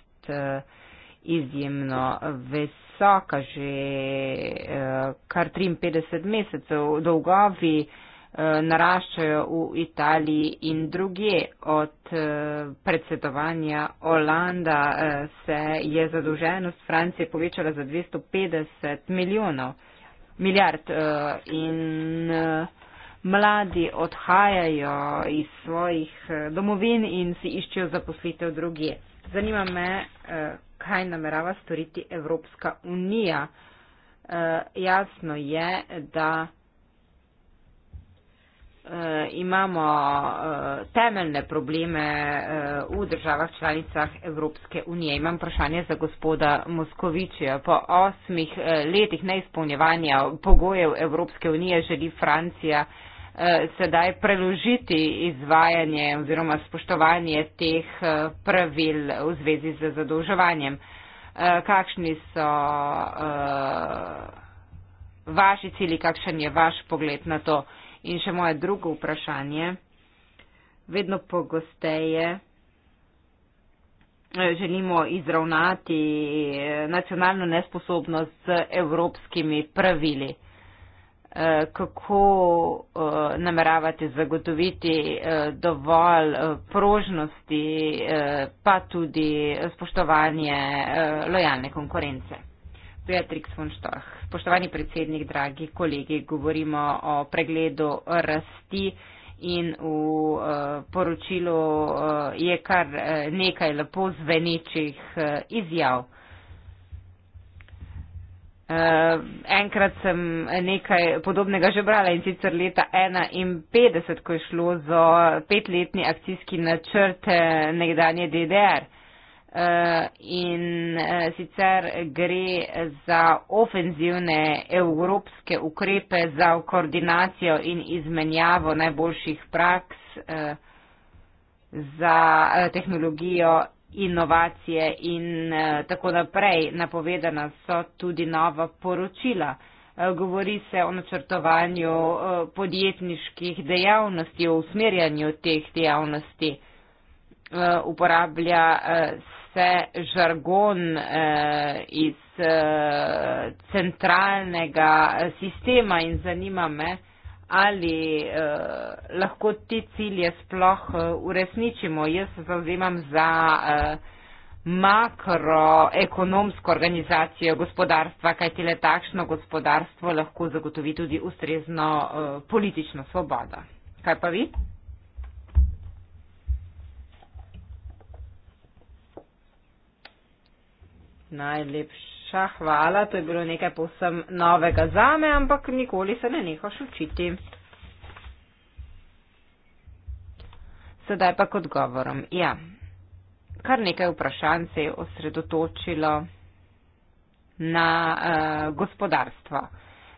izjemno visoka, že kar 53 mesecev dolgovi. Eh, naraščajo v Italiji in druge. Od eh, predsedovanja Olanda eh, se je zadolženost Francije povečala za 250 milijonov milijard in mladi odhajajo iz svojih domovin in si iščejo zaposlitev druge. Zanima me, kaj namerava storiti Evropska unija. Jasno je, da Eh, imamo eh, temeljne probleme eh, v državah članicah Evropske unije. Imam vprašanje za gospoda Moskovičija. Po osmih letih neizpolnjevanja pogojev Evropske unije želi Francija sedaj preložiti izvajanje oziroma spoštovanje teh pravil v zvezi z zadolževanjem. Kakšni so vaši cili, kakšen je vaš pogled na to? In še moje drugo vprašanje. Vedno pogosteje eh, želimo izravnati eh, nacionalno nesposobnost z evropskimi pravili. Eh, kako nameravate zagotoviti dovolj prožnosti, pa tudi spoštovanje lojalne konkurence? Beatrix von Storch. Spoštovani predsednik, dragi kolegi, govorimo o pregledu rasti in v uh, poročilu uh, je kar uh, nekaj lepo zvenečih uh, izjav. Uh, enkrat sem nekaj podobnega že brala in sicer leta 1951, ko je šlo za petletni akcijski načrt nekdanje DDR. Eh, in eh, sicer gre za ofenzivne evropske ukrepe za koordinacijo in izmenjavo najboljših praks eh, za tehnologijo, inovacije in tako naprej. Napovedana so tudi nova poročila. Govori se o načrtovanju podjetniških dejavnosti, o usmerjanju teh dejavnosti. Uporablja se žargon eh, iz eh, centralnega sistema in zanima me, ali eh, lahko te cilje sploh eh, uresničimo. Jaz se zauzemam za eh, makroekonomsko organizacijo gospodarstva, kaj tele takšno gospodarstvo lahko zagotovi tudi ustrezno eh, politično svobodo. Kaj pa vi? Najlepša hvala, to je bilo nekaj povsem novega za me, ampak nikoli se ne nehaš učiti. Sedaj pa k odgovorom. Ja, kar nekaj vprašanj se je osredotočilo na uh, gospodarstvo.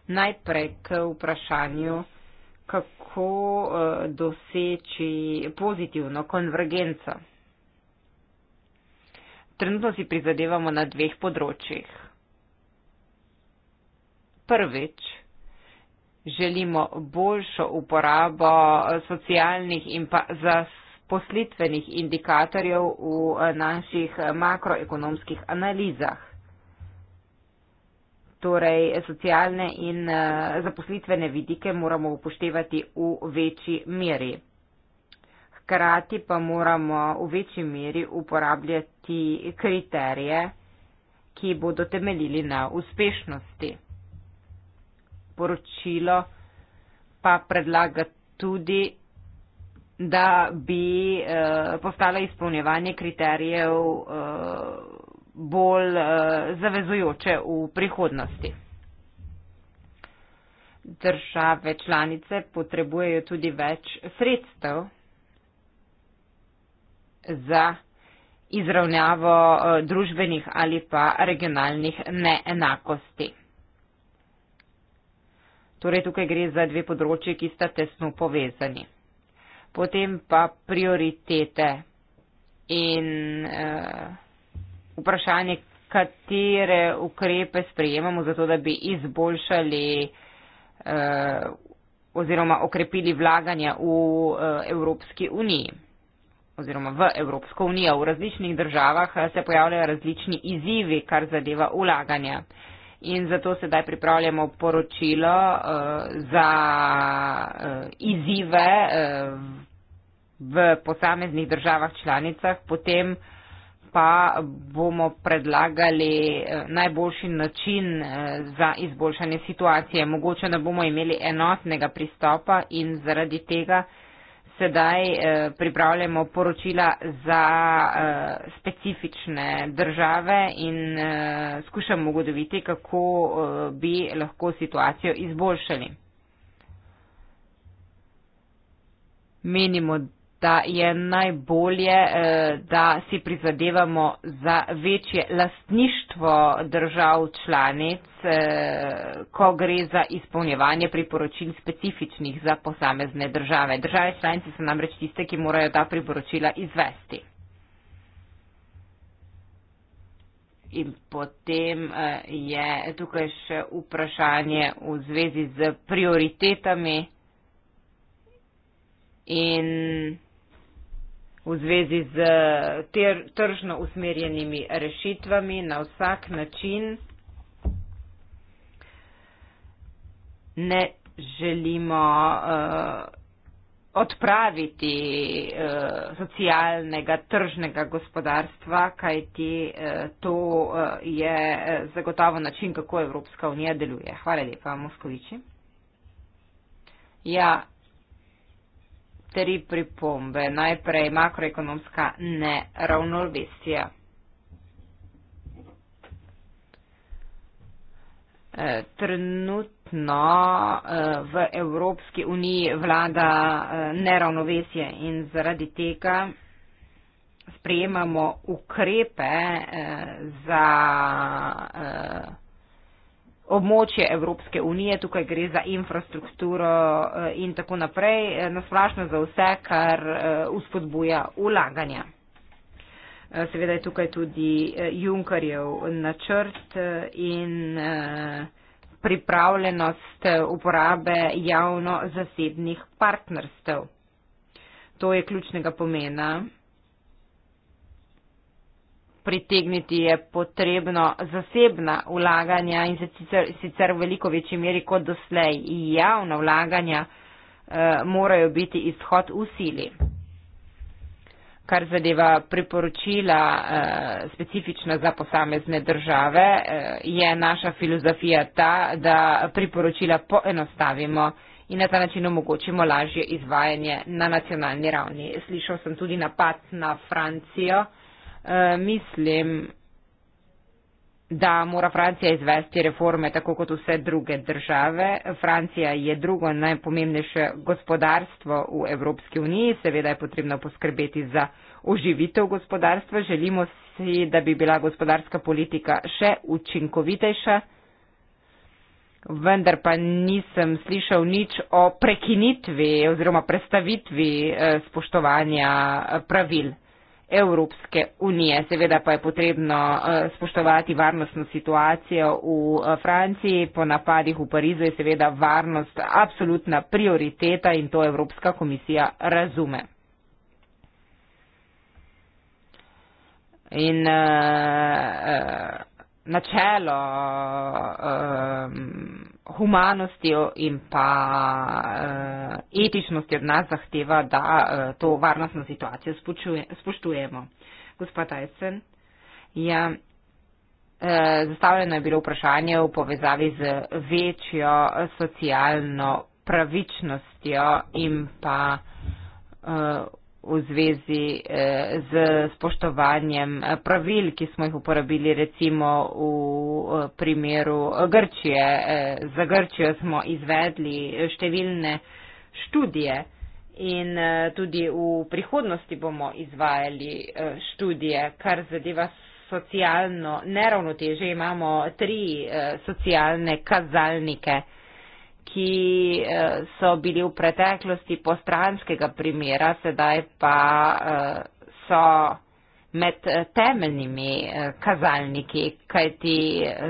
Najprej k vprašanju, kako uh, doseči pozitivno konvergenco trenutno si prizadevamo na dveh področjih. Prvič, želimo boljšo uporabo eh, socialnih in pa zaposlitvenih indikatorjev v eh, naših eh, makroekonomskih analizah. Torej, socialne in zaposlitvene vidike moramo upoštevati v večji meri hkrati pa moramo v večji meri uporabljati kriterije, ki bodo temeljili na uspešnosti. Poročilo pa predlaga tudi, da bi eh, postala izpolnjevanje kriterijev eh, bolj eh, zavezujoče v prihodnosti. Države članice potrebujejo tudi več sredstev za izravnavo eh, družbenih ali pa regionalnih neenakosti. Torej, tukaj gre za dve področje, ki sta tesno povezani. Potem pa prioritete in uh, vprašanje, katere ukrepe sprejemamo zato, da bi izboljšali uh, oziroma okrepili vlaganja v uh, Evropski uniji oziroma v Evropsko unijo. V različnih državah eh, se pojavljajo različni izzivi, kar zadeva ulaganja. In zato sedaj pripravljamo poročilo uh, za uh, izzive uh, v posameznih državah članicah, potem pa bomo predlagali uh, najboljši način uh, za izboljšanje situacije. Mogoče ne bomo imeli enotnega pristopa in zaradi tega sedaj eh, pripravljamo poročila za eh, specifične države in eh, skušamo ugotoviti, kako eh, bi lahko situacijo izboljšali. Menimo, da da je najbolje, eh, da si prizadevamo za večje lastništvo držav članic, eh, ko gre za izpolnjevanje priporočil specifičnih za posamezne države. Države članice so namreč tiste, ki morajo ta priporočila izvesti. In potem eh, je tukaj še vprašanje v zvezi z prioritetami. In v zvezi z ter, tržno usmerjenimi rešitvami na vsak način. Ne želimo uh, odpraviti uh, socialnega tržnega gospodarstva, kajti uh, to uh, je zagotovo način, kako Evropska unija deluje. Hvala lepa, Moskoviči. Ja, tri pripombe. Najprej makroekonomska neravnovesja. E, trenutno e, v Evropski uniji vlada e, neravnovesje in zaradi tega sprejemamo ukrepe za območje Evropske unije, tukaj gre za infrastrukturo eh, in tako naprej, eh, nasplašno za vse, kar uspodbuja eh, ulaganja. Seveda je tukaj tudi Junkerjev načrt in pripravljenost uporabe javno-zasebnih partnerstev. To je ključnega pomena pritegniti je potrebno zasebna vlaganja in sicer, sicer v veliko večji meri kot doslej. Javna vlaganja eh, morajo biti izhod v sili. Kar zadeva priporočila eh, specifična za posamezne države, eh, je naša filozofija ta, da priporočila poenostavimo in na ta način omogočimo lažje izvajanje na nacionalni ravni. Slišal sem tudi napad na Francijo. Eh, mislim, da mora Francija izvesti reforme tako kot vse druge države. Francija je drugo najpomembnejše gospodarstvo v Evropski uniji, seveda je potrebno poskrbeti za oživitev gospodarstva. Želimo si, da bi bila gospodarska politika še učinkovitejša, vendar pa nisem slišal nič o prekinitvi oziroma prestavitvi eh, spoštovanja eh, pravil. Evropske unije. Seveda pa je potrebno eh, spoštovati varnostno situacijo v eh, Franciji. Po napadih v Parizu je seveda varnost absolutna prioriteta in to Evropska komisija razume. In uh, uh, načelo. Uh, humanostjo in pa uh, eh, etičnostjo od nas zahteva, da uh, to varnostno situacijo spučuje, spoštujemo. Gospa Tajsen, ja, uh, zastavljeno je bilo vprašanje v povezavi z večjo socialno pravičnostjo in pa v zvezi eh, z spoštovanjem pravil, ki smo jih uporabili recimo v eh, primeru Grčije. Eh, za Grčijo smo izvedli številne študije in tudi v prihodnosti bomo izvajali študije, kar zadeva socialno neravnoteže. Imamo tri socialne kazalnike ki eh, so bili v preteklosti postranskega primera, sedaj pa eh, so med eh, temeljnimi kazalniki, kajti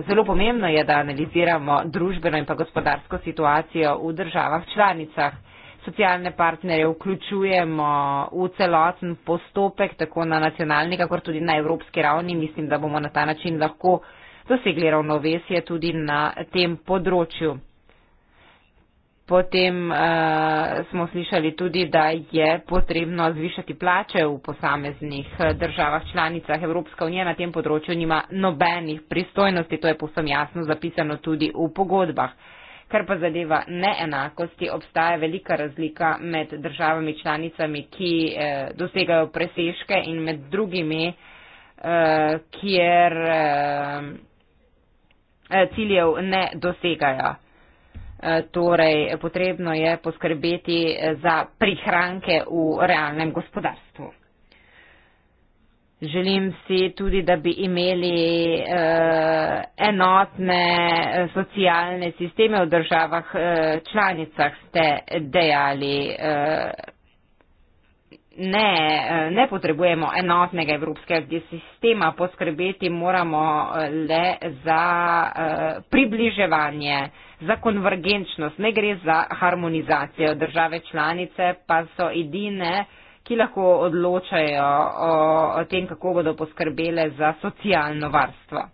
zelo pomembno je, da analiziramo družbeno in pa gospodarsko situacijo v državah članicah. Socialne partnerje vključujemo v celoten postopek, tako na nacionalni, kakor tudi na evropski ravni. Mislim, da bomo na ta način lahko dosegli ravnovesje tudi na tem področju. Potem uh, smo slišali tudi, da je potrebno zvišati plače v posameznih eh, državah članicah. Evropska unija na tem področju nima nobenih pristojnosti, to je posem jasno zapisano tudi v pogodbah. Kar pa zadeva neenakosti, obstaja velika razlika med državami članicami, ki eh, dosegajo presežke in med drugimi, eh, kjer eh, eh ciljev ne dosegajo. Eh, torej potrebno je poskrbeti eh, za prihranke v realnem gospodarstvu. Želim si tudi, da bi imeli eh, enotne socialne sisteme v državah članicah, ste dejali ne, eh, ne potrebujemo enotnega evropskega sistema, poskrbeti moramo eh, le za eh, približevanje, za konvergenčnost, ne gre za harmonizacijo. Države članice pa so edine, ki lahko odločajo o tem, kako bodo poskrbele za socialno varstvo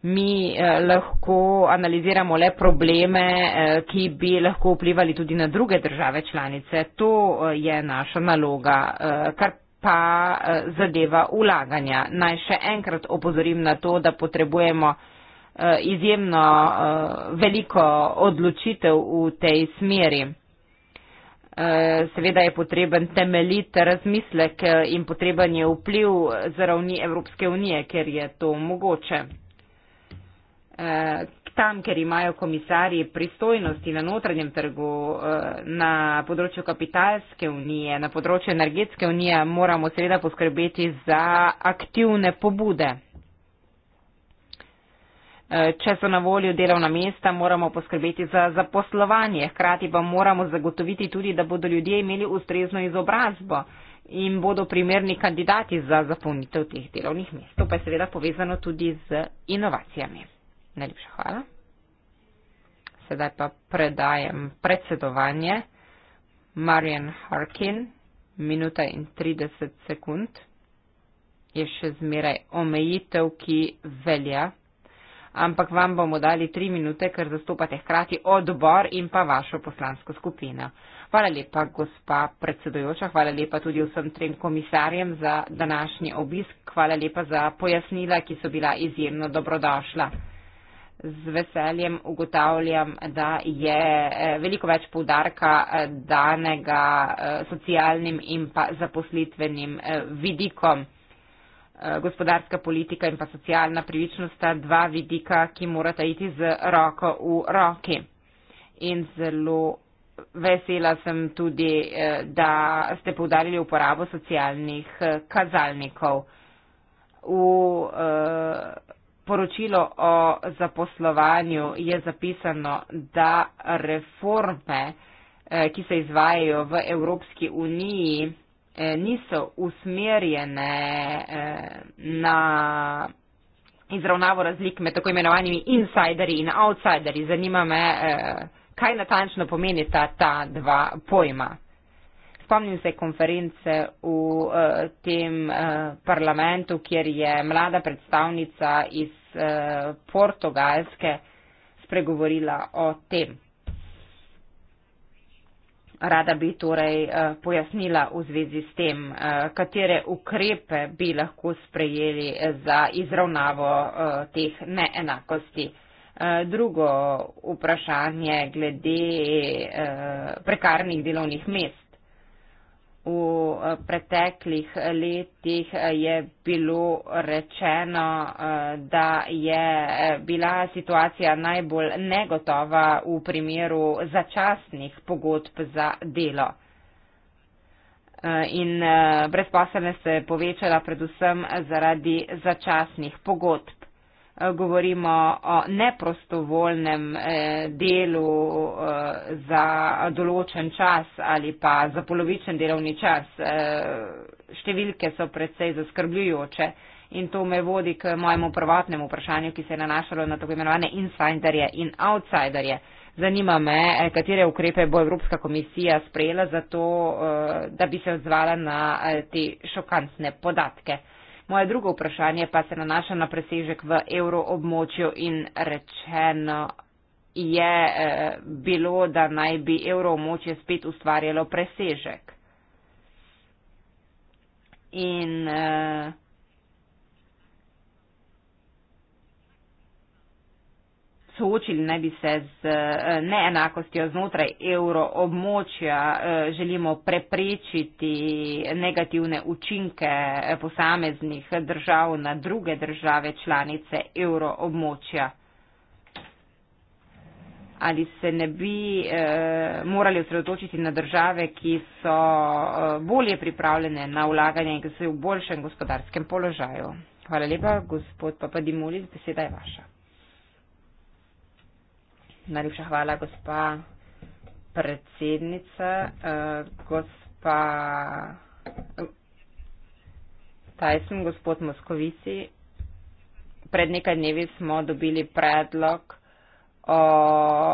mi eh, lahko analiziramo le probleme, eh, ki bi lahko vplivali tudi na druge države članice. To eh, je naša naloga, eh, kar pa eh, zadeva ulaganja. Naj še enkrat opozorim na to, da potrebujemo eh, izjemno eh, veliko odločitev v tej smeri. Eh, seveda je potreben temeljit razmislek eh, in potreben je vpliv za ravni Evropske unije, ker je to mogoče. Eh, tam, ker imajo komisarji pristojnosti na notranjem trgu, eh, na področju kapitalske unije, na področju energetske unije, moramo seveda poskrbeti za aktivne pobude. Eh, če so na voljo delovna mesta, moramo poskrbeti za zaposlovanje, hkrati pa moramo zagotoviti tudi, da bodo ljudje imeli ustrezno izobrazbo in bodo primerni kandidati za zapolnitev teh delovnih mest. To pa je seveda povezano tudi z inovacijami. Najlepša hvala. Sedaj pa predajem predsedovanje. Marian Harkin, minuta in 30 sekund. Je še zmeraj omejitev, ki velja. Ampak vam bomo dali tri minute, ker zastopate hkrati odbor in pa vašo poslansko skupino. Hvala lepa, gospa predsedojoča, hvala lepa tudi vsem trem komisarjem za današnji obisk, hvala lepa za pojasnila, ki so bila izjemno dobrodošla z veseljem ugotavljam, da je eh, veliko več poudarka eh, danega eh, socialnim in pa zaposlitvenim vidikom. Gospodarska politika in pa socialna privičnost sta dva vidika, ki morata iti z roko v roki. In zelo vesela sem tudi, da ste povdarili uporabo socialnih kazalnikov. V, poročilo o zaposlovanju je zapisano, da reforme, eh, ki se izvajajo v Evropski uniji, eh, niso usmerjene eh, na izravnavo razlik med tako imenovanimi insideri in outsideri. Zanima me, kaj natančno pomenita ta dva pojma spomnim se konference v uh, tem uh, parlamentu, kjer je mlada predstavnica iz uh, Portugalske spregovorila o tem. Rada bi torej uh, pojasnila v zvezi s tem, uh, katere ukrepe bi lahko sprejeli za izravnavo uh, teh neenakosti. Drugo vprašanje glede prekarnih delovnih mest v eh, preteklih eh, letih eh, je bilo rečeno, da je bila situacija najbolj negotova v primeru začasnih pogodb za delo. In brezposelnost se je povečala predvsem zaradi začasnih pogodb govorimo o neprostovoljnem eh, delu eh, za določen čas ali pa za polovičen delovni čas. Eh, številke so predvsej zaskrbljujoče in to me vodi k mojemu prvotnemu vprašanju, ki se je nanašalo na tako imenovane insiderje in outsiderje. Zanima me, katere ukrepe bo Evropska komisija sprejela za to, da bi se odzvala na te šokantne podatke. Moje drugo vprašanje pa se nanaša na presežek v evroobmočju in rečeno je eh, bilo, da naj bi evroobmočje spet ustvarjalo presežek. In uh, soočili naj bi se z eh, neenakostjo znotraj evroobmočja, eh, želimo preprečiti negativne učinke posameznih držav na druge države članice evroobmočja. Ali se ne bi eh, morali osredotočiti na države, ki so eh, bolje pripravljene na ulaganje in ki so v boljšem gospodarskem položaju? Hvala lepa, gospod Papadimulis, beseda je vaša. Najlepša hvala, gospa predsednica. Uh, gospa Tyson, gospod Moskovici, pred nekaj dnevi smo dobili predlog o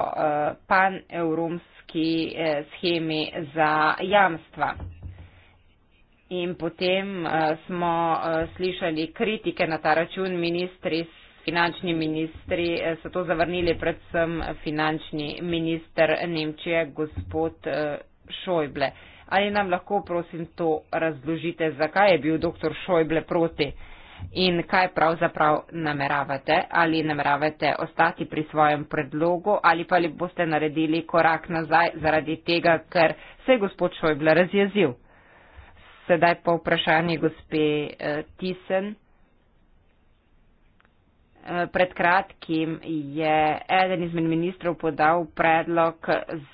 uh, paneuromski eh, schemi eh, za jamstva. In potem uh, smo uh, slišali kritike na ta račun ministris finančni ministri eh, so to zavrnili, predvsem finančni minister Nemčije, gospod Šojble. Eh, ali nam lahko, prosim, to razložite, zakaj je bil dr. Šojble proti in kaj pravzaprav nameravate? Ali nameravate ostati pri svojem predlogu ali pa li boste naredili korak nazaj zaradi tega, ker se je gospod Šojble razjezil? Sedaj pa vprašanje gospe Tisen. Eh, Pred kratkim je eden izmed ministrov podal predlog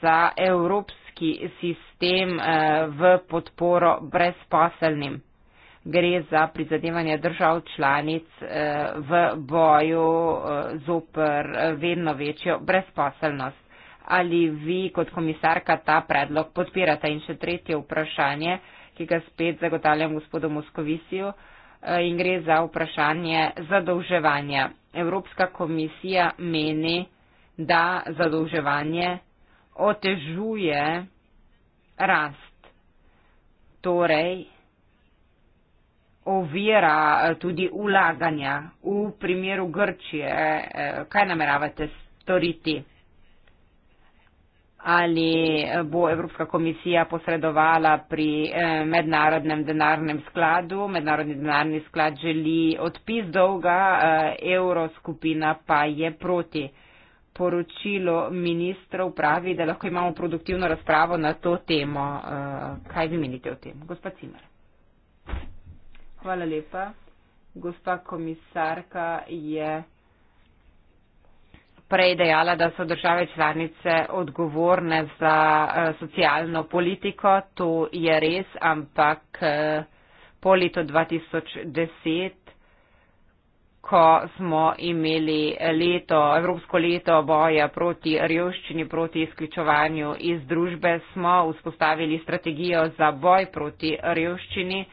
za evropski sistem eh, v podporo brezposelnim. Gre za prizadevanje držav članic eh, v boju eh, zopr vedno večjo brezposelnost. Ali vi kot komisarka ta predlog podpirate? In še tretje vprašanje, ki ga spet zagotavljam gospodu Moskovisiju. Eh, in gre za vprašanje zadolževanja. Evropska komisija meni, da zadolževanje otežuje rast, torej ovira eh, tudi ulaganja. V primeru Grčije, eh, kaj nameravate storiti? ali eh, bo Evropska komisija posredovala pri eh, mednarodnem denarnem skladu. Mednarodni denarni sklad želi odpis dolga, eh, evroskupina pa je proti. Poročilo ministrov pravi, da lahko imamo produktivno razpravo na to temo. Kaj vi menite o tem? Gospa Cimer. Hvala lepa. Gospa komisarka je prej dejala, da so države članice odgovorne za eh, socialno politiko. To je res, ampak eh, po letu 2010, ko smo imeli leto, evropsko leto boja proti revščini, proti izključevanju iz družbe, smo vzpostavili strategijo za boj proti revščini,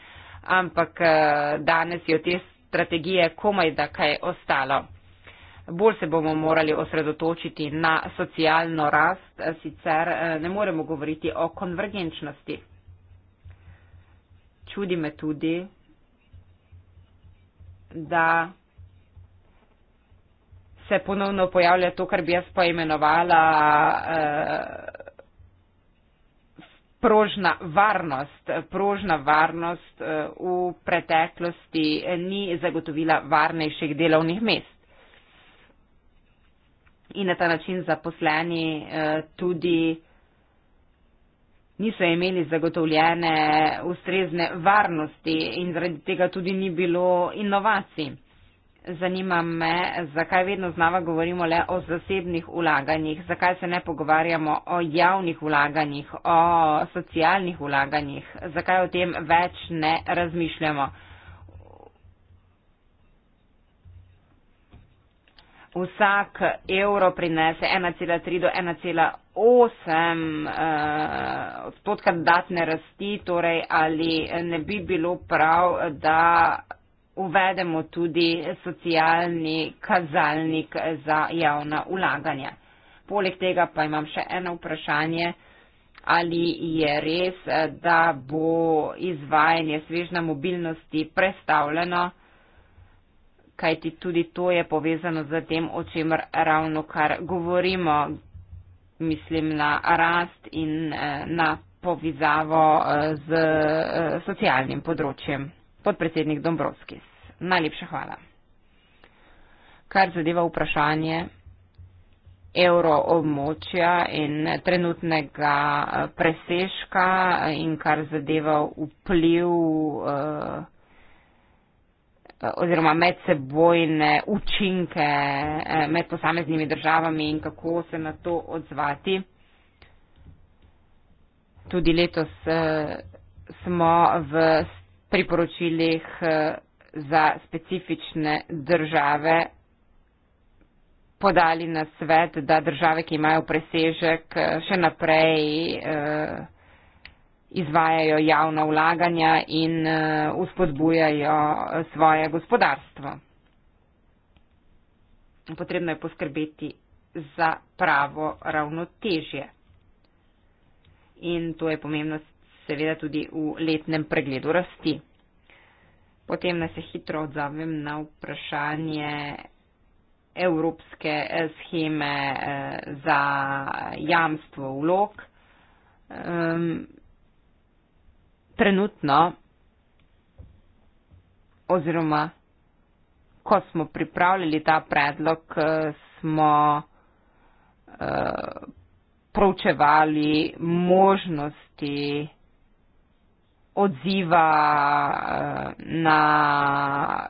ampak eh, danes je od te strategije komaj da kaj ostalo bolj se bomo morali osredotočiti na socialno rast, sicer eh, ne moremo govoriti o konvergenčnosti. Čudi me tudi, da se ponovno pojavlja to, kar bi jaz poimenovala eh, prožna varnost. Prožna varnost eh, v preteklosti ni zagotovila varnejših delovnih mest in na ta način zaposleni eh, tudi niso imeli zagotovljene ustrezne varnosti in zaradi tega tudi ni bilo inovacij. Zanima me, zakaj vedno znova govorimo le o zasebnih vlaganjih, zakaj se ne pogovarjamo o javnih vlaganjih, o socialnih vlaganjih, zakaj o tem več ne razmišljamo. vsak evro prinese 1,3 do 1,8 eh, odstotka datne rasti, torej ali ne bi bilo prav, da uvedemo tudi socialni kazalnik za javna ulaganja. Poleg tega pa imam še eno vprašanje, ali je res, eh, da bo izvajanje svežna mobilnosti predstavljeno kajti tudi to je povezano z tem, o čemer ravno kar govorimo, mislim na rast in eh, na povizavo eh, z eh, socialnim področjem. Podpredsednik Dombrovskis, najlepša hvala. Kar zadeva vprašanje evroobmočja in trenutnega presežka in kar zadeva vpliv. Uh, oziroma medsebojne učinke eh, med posameznimi državami in kako se na to odzvati. Tudi letos eh, smo v priporočilih eh, za specifične države podali na svet, da države, ki imajo presežek, še naprej izvajajo javna vlaganja in uspodbujajo eh, eh, svoje gospodarstvo. Potrebno je poskrbeti za pravo ravnotežje. In to je pomembno seveda tudi v letnem pregledu rasti. Potem naj se hitro odzovem na vprašanje evropske eh, scheme za jamstvo vlog. Ehm, trenutno, oziroma ko smo pripravljali ta predlog, eh, smo uh, proučevali možnosti odziva uh, na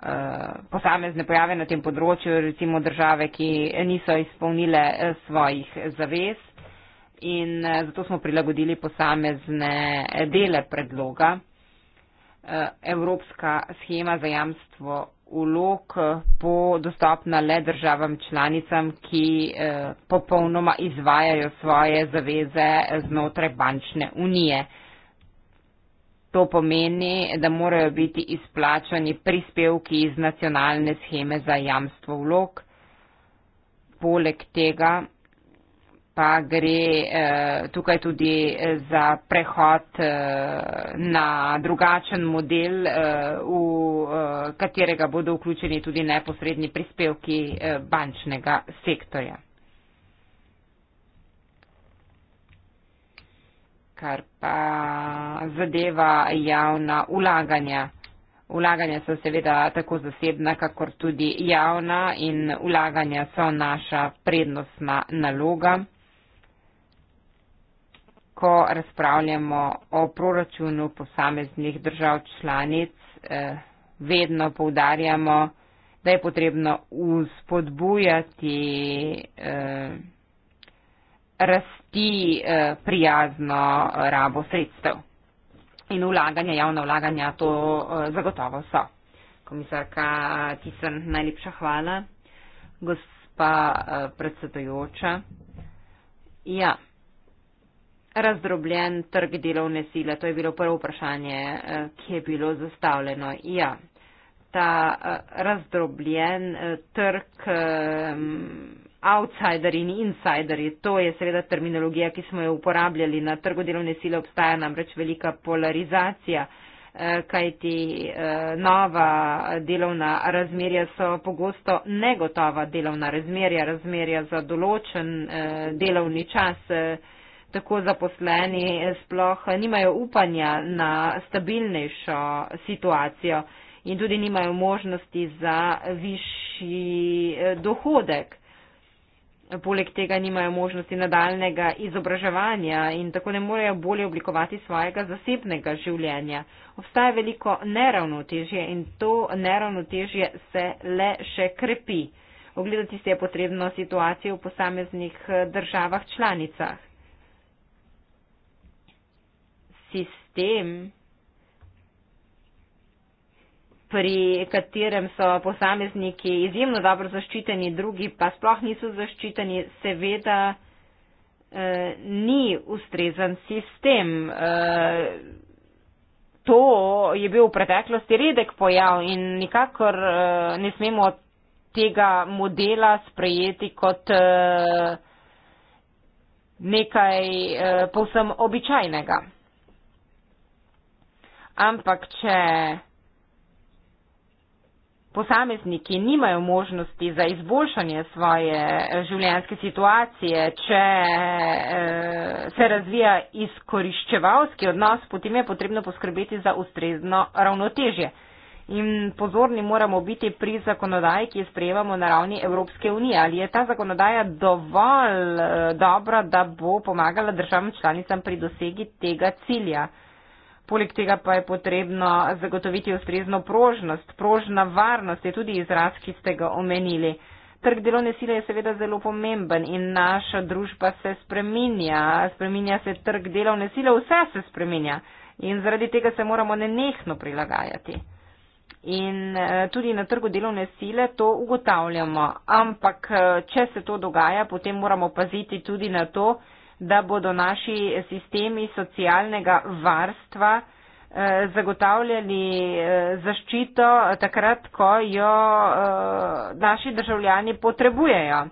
uh, posamezne pojave na tem področju, recimo države, ki niso izpolnile svojih zavez in eh, zato smo prilagodili posamezne eh, dele predloga. Eh, evropska schema za jamstvo ulog bo dostopna le državam članicam, ki popolnoma izvajajo svoje zaveze znotraj bančne unije. To pomeni, da morajo biti izplačani prispevki iz nacionalne scheme za jamstvo vlog. Poleg tega pa gre eh, tukaj tudi eh, za prehod eh, na drugačen model, v katerega bodo vključeni tudi neposredni prispevki bančnega sektorja. Kar pa zadeva javna ulaganja. Ulaganja so seveda tako zasebna, kakor tudi javna in ulaganja so naša prednostna naloga ko razpravljamo o proračunu posameznih držav članic, eh, vedno poudarjamo, da je potrebno uspodbujati eh, rasti eh, prijazno rabo sredstev. In vlaganja, javna vlaganja, to zagotovo so. Komisarka Tisen, najlepša hvala. Gospa predsedojoča. Ja razdrobljen trg delovne sile. To je bilo prvo vprašanje, eh, ki je bilo zastavljeno. Ja, ta eh, razdrobljen eh, trg outsideri in insideri, to je seveda terminologija, ki smo jo uporabljali. Na trgu delovne sile obstaja namreč velika polarizacija kajti nova delovna razmerja so pogosto negotova delovna razmerja, razmerja za določen delovni čas, tako zaposleni sploh nimajo upanja na stabilnejšo situacijo in tudi nimajo možnosti za višji eh, dohodek. Poleg tega nimajo možnosti nadaljnega izobraževanja in tako ne morejo bolje oblikovati svojega zasebnega življenja. Obstaja veliko neravnotežje in to neravnotežje se le še krepi. Ogledati se je potrebno situacijo v posameznih eh, državah članicah sistem, pri katerem so posamezniki izjemno dobro zaščiteni, drugi pa sploh niso zaščiteni, seveda eh, ni ustrezan sistem. Eh, To je bil v preteklosti redek pojav in nikakor uh, ne smemo tega modela sprejeti kot uh, nekaj uh, povsem običajnega. Ampak, če posamezniki nimajo možnosti za izboljšanje svoje eh, življenjske situacije, če eh, se razvija izkoriščevalski odnos, potem je potrebno poskrbeti za ustrezno ravnotežje. In pozorni moramo biti pri zakonodaji, ki jo sprejemamo na ravni Evropske unije. Ali je ta zakonodaja dovolj eh, dobra, da bo pomagala državam članicam pri dosegi tega cilja? Poleg tega pa je potrebno zagotoviti ustrezno prožnost. Prožna varnost je tudi izraz, ki ste ga omenili. Trg delovne sile je seveda zelo pomemben in naša družba se spreminja. Spreminja se trg delovne sile, vse se spreminja in zaradi tega se moramo nenehno prilagajati. In eh, tudi na trgu delovne sile to ugotavljamo. Ampak, eh, če se to dogaja, potem moramo paziti tudi na to, da bodo naši sistemi socialnega varstva eh, zagotavljali eh, zaščito takrat, ko jo eh, naši državljani potrebujejo.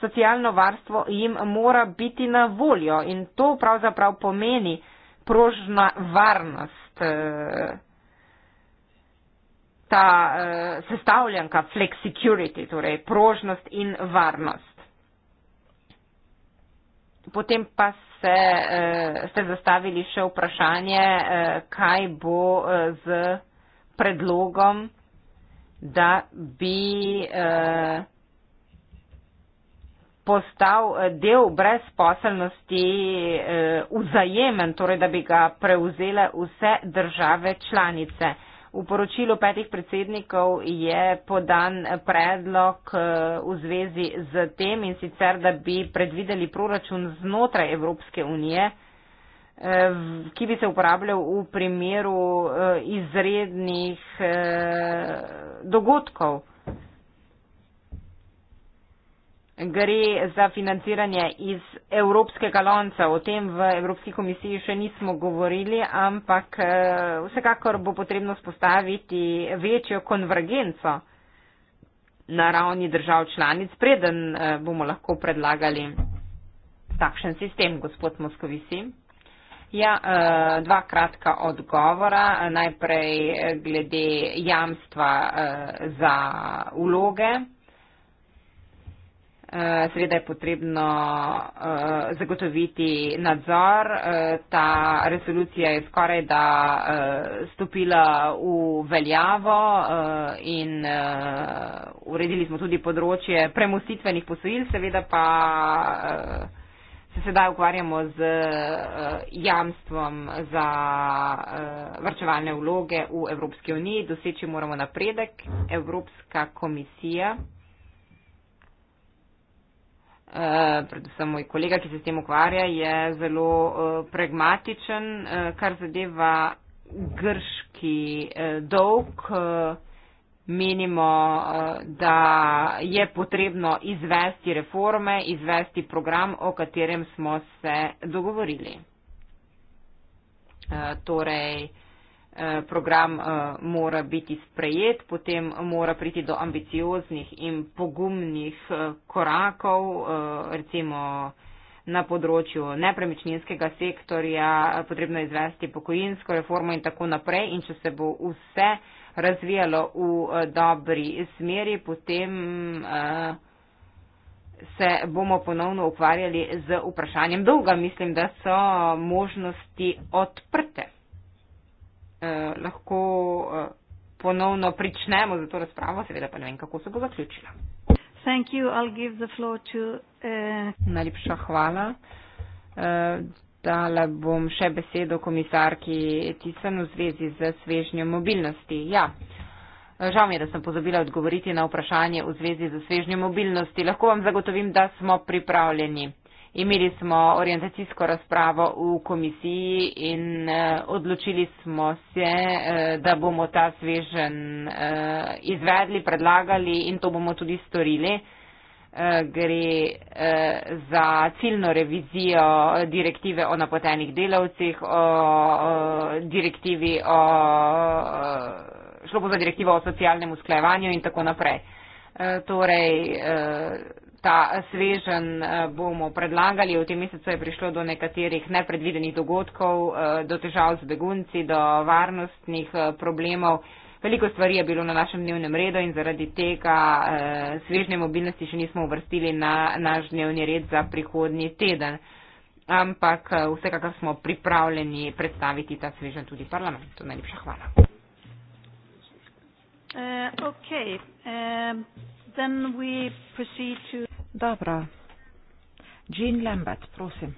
Socialno varstvo jim mora biti na voljo in to pravzaprav pomeni prožna varnost, ta sestavljanka flex security, torej prožnost in varnost potem pa se, eh, ste zastavili še vprašanje, eh, kaj bo eh, z predlogom, da bi eh, postal eh, del brezposelnosti eh, vzajemen, torej da bi ga prevzele vse države članice. V poročilu petih predsednikov je podan predlog eh, v zvezi z tem in sicer, da bi predvideli proračun znotraj Evropske unije, eh, ki bi se uporabljal v primeru eh, izrednih dogodkov gre za financiranje iz evropskega lonca. O tem v Evropski komisiji še nismo govorili, ampak eh, vsekakor bo potrebno spostaviti večjo konvergenco na ravni držav članic, preden eh, bomo lahko predlagali takšen sistem, gospod Moskovisi. Ja, eh, dva kratka odgovora. Najprej glede jamstva za vloge. Eh, seveda je potrebno eh, zagotoviti nadzor. Eh, ta resolucija je skoraj da stopila v veljavo in uredili smo tudi področje premustitvenih posojil, seveda pa se sedaj ukvarjamo z jamstvom za vrčevalne vloge v Evropski uniji. Doseči moramo napredek. Evropska komisija. Eh, predvsem moj kolega, ki se s tem ukvarja, je zelo eh, pragmatičen, eh, kar zadeva grški dolg. Menimo, da je potrebno izvesti reforme, izvesti program, o katerem smo se dogovorili. Torej, Eh, program eh, mora biti sprejet, potem mora priti do ambicioznih in pogumnih eh, korakov, recimo na področju nepremičninskega sektorja, potrebno izvesti pokojinsko reformo in tako naprej. In če se bo vse razvijalo v dobri smeri, potem se bomo ponovno ukvarjali z vprašanjem dolga. Mislim, da so možnosti odprte. Eh, lahko eh, ponovno pričnemo za to razpravo, seveda pa ne vem, kako se bo zaključila. You, to, uh... Najlepša hvala. Dala bom še besedo komisarki Tisan v zvezi z svežnjem mobilnosti. Ja. Žal mi je, da sem pozabila odgovoriti na vprašanje v zvezi z svežnjem mobilnosti. Lahko vam zagotovim, da smo pripravljeni. Imeli smo orientacijsko razpravo v komisiji in eh, odločili smo se, eh, da bomo ta svežen eh, izvedli, predlagali in to bomo tudi storili. Gre za ciljno revizijo direktive o napotenih delavcih, o direktivi o, šlo bo za direktivo o socialnem usklajevanju in tako naprej. Torej, Ta svežen eh, bomo predlagali. V tem mesecu je prišlo do nekaterih nepredvidenih dogodkov, eh, do težav z begunci, do varnostnih eh, problemov. Veliko stvari je bilo na našem dnevnem redu in zaradi tega svežne mobilnosti še nismo uvrstili na naš dnevni red za prihodnji teden. Ampak vsekakor smo pripravljeni predstaviti ta svežen tudi parlamentu. Najlepša hvala. Uh, okay. um then we proceed to Dobro. Jean Lambert, prosim.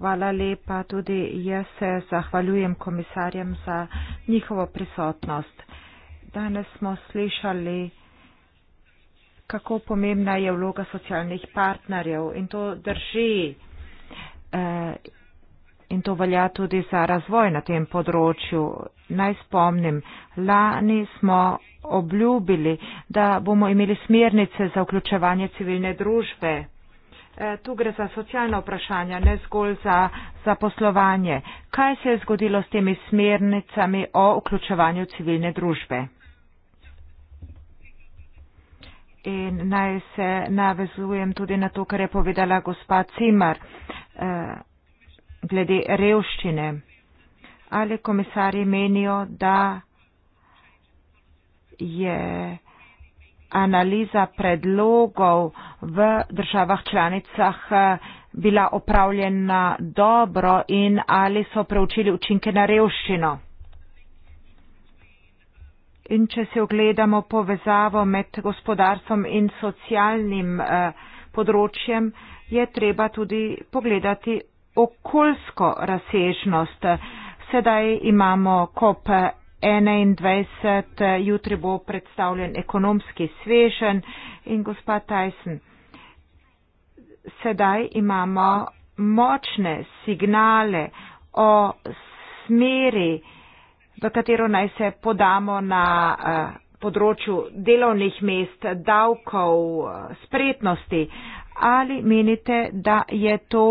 Hvala lepa. Tudi jaz se zahvaljujem komisarjem za njihovo prisotnost. Danes smo slišali, kako pomembna je vloga socialnih partnerjev in to drži. Eh, In to velja tudi za razvoj na tem področju. Naj spomnim, lani smo obljubili, da bomo imeli smernice za vključevanje civilne družbe. E, tu gre za socialna vprašanja, ne zgolj za zaposlovanje. Kaj se je zgodilo s temi smernicami o vključevanju civilne družbe? In naj se navezujem tudi na to, kar je povedala gospa Cimar. E, glede revščine. Ali komisari menijo, da je analiza predlogov v državah članicah eh, bila opravljena dobro in ali so preučili učinke na revščino? In če se ogledamo povezavo med gospodarstvom in socialnim eh, področjem, je treba tudi pogledati okoljsko razsežnost. Sedaj imamo COP21, jutri bo predstavljen ekonomski svežen in gospa Tyson, sedaj imamo močne signale o smeri, v katero naj se podamo na eh, področju delovnih mest, davkov, eh, spretnosti. Ali menite, da je to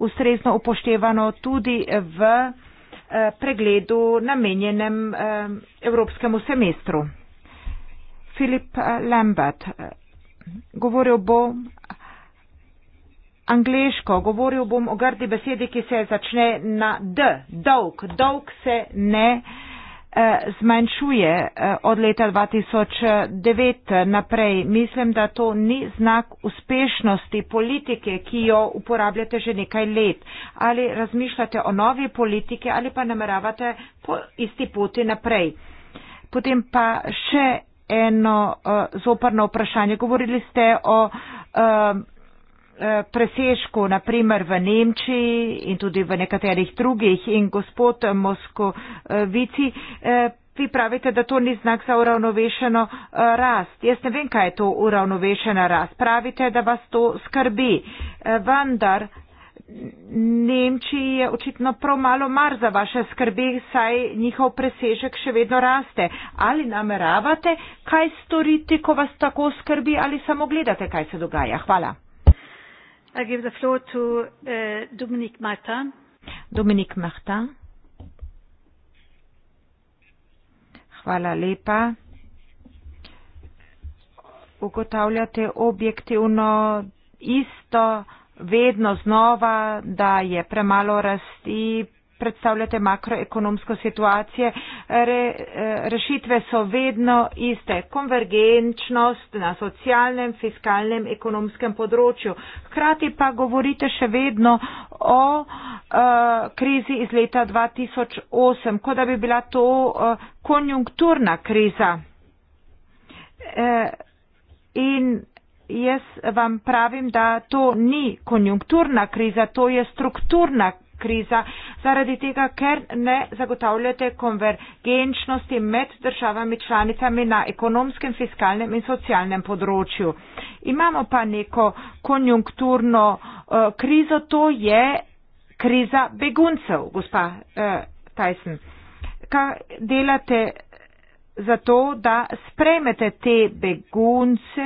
ustrezno upoštevano tudi v eh, pregledu namenjenem eh, evropskemu semestru. Filip eh, Lambert govoril bo angliško, govoril bom o grdi besedi, ki se začne na D, dolg, dolg se ne uh, Eh, zmanjšuje eh, od leta 2009 naprej. Mislim, da to ni znak uspešnosti politike, ki jo uporabljate že nekaj let. Ali razmišljate o novi politike ali pa nameravate po isti poti naprej. Potem pa še eno uh, zoprno vprašanje. Govorili ste o. Uh, Eh, presežku, naprimer v Nemčiji in tudi v nekaterih drugih. In gospod Moskovici, eh, vi pravite, da to ni znak za uravnovešeno eh, rast. Jaz ne vem, kaj je to uravnovešena rast. Pravite, da vas to skrbi. Vendar. Nemčiji je očitno prav malo mar za vaše skrbi, saj njihov presežek še vedno raste. Ali nameravate kaj storiti, ko vas tako skrbi, ali samo gledate, kaj se dogaja? Hvala. I give the floor to uh, Dominique Martin. Dominique Martin. Hvala lepa. Ugotavljate objektivno isto, vedno znova, da je premalo rasti, predstavljate makroekonomsko situacijo. Re, e, rešitve so vedno iste. Konvergenčnost na socialnem, fiskalnem, ekonomskem področju. Hkrati pa govorite še vedno o uh, krizi iz leta 2008, kot da bi bila to uh, konjunkturna kriza. Uh, in jaz vam pravim, da to ni konjunkturna kriza, to je strukturna kriza kriza, zaradi tega, ker ne zagotavljate konvergenčnosti med državami članicami na ekonomskem, fiskalnem in socialnem področju. Imamo pa neko konjunkturno uh, krizo, to je kriza beguncev, gospa uh, Tyson. Kaj delate? zato, da spremete te begunce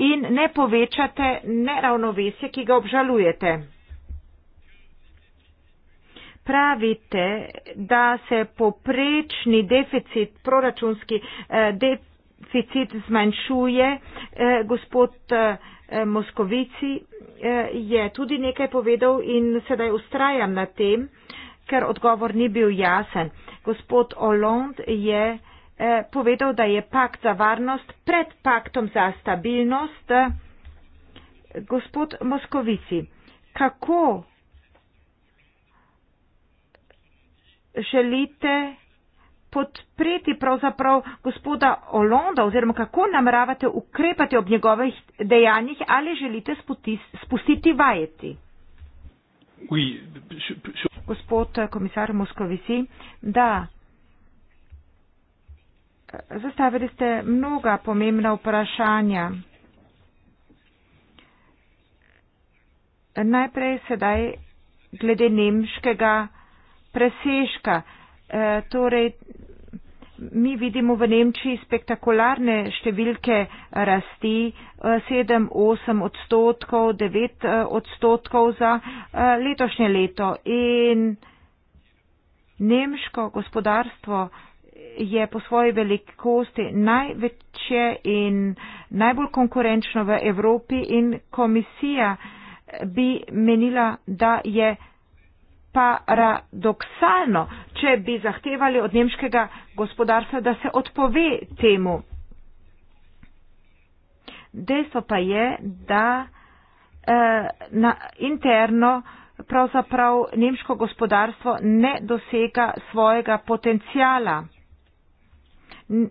in ne povečate neravnovesje, ki ga obžalujete pravite, da se poprečni deficit, proračunski eh, deficit zmanjšuje, eh, gospod eh, Moskovici je tudi nekaj povedal in sedaj ustrajam na tem, ker odgovor ni bil jasen. Gospod Hollande je povedal, da je pakt za varnost pred paktom za stabilnost. Gospod Moskovici, kako želite podpreti pravzaprav gospoda Olonda oziroma kako nameravate ukrepati ob njegovih dejanjih ali želite spustiti, spustiti vajeti. Oui, je, je... Gospod komisar Moskovici, da. Zastavili ste mnoga pomembna vprašanja. Najprej sedaj glede nemškega presežka. E, torej, mi vidimo v Nemčiji spektakularne številke rasti 7-8 e, odstotkov, 9 e, odstotkov za letošnje leto. In nemško gospodarstvo je po svoji velikosti največje in najbolj konkurenčno v Evropi in komisija bi menila, da je paradoksalno, če bi zahtevali od nemškega gospodarstva, da se odpove temu. Dejstvo pa je, da eh, na interno pravzaprav nemško gospodarstvo ne dosega svojega potencijala. N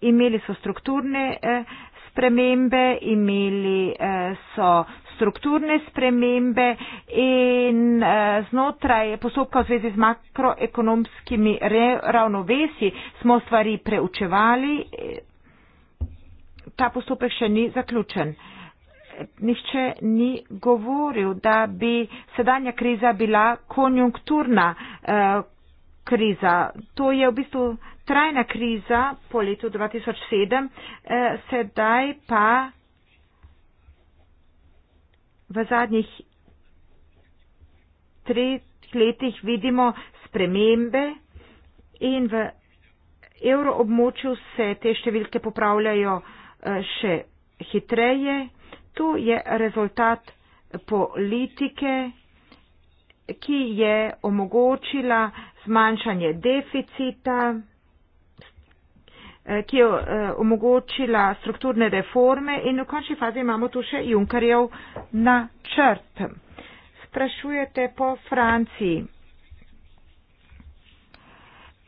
imeli so strukturne eh, spremembe, imeli eh, so strukturne spremembe in eh, znotraj postopka v zvezi z makroekonomskimi ravnovesi smo stvari preučevali. Eh, ta postopek še ni zaključen. Nihče ni govoril, da bi sedanja kriza bila konjunkturna eh, kriza. To je v bistvu trajna kriza po letu 2007, eh, sedaj pa v zadnjih treh letih vidimo spremembe in v evroobmočju se te številke popravljajo eh, še hitreje. To je rezultat politike, ki je omogočila zmanjšanje deficita. Eh, ki je eh, omogočila strukturne reforme in v končni fazi imamo tu še Junkarjev načrt. Sprašujete po Franciji.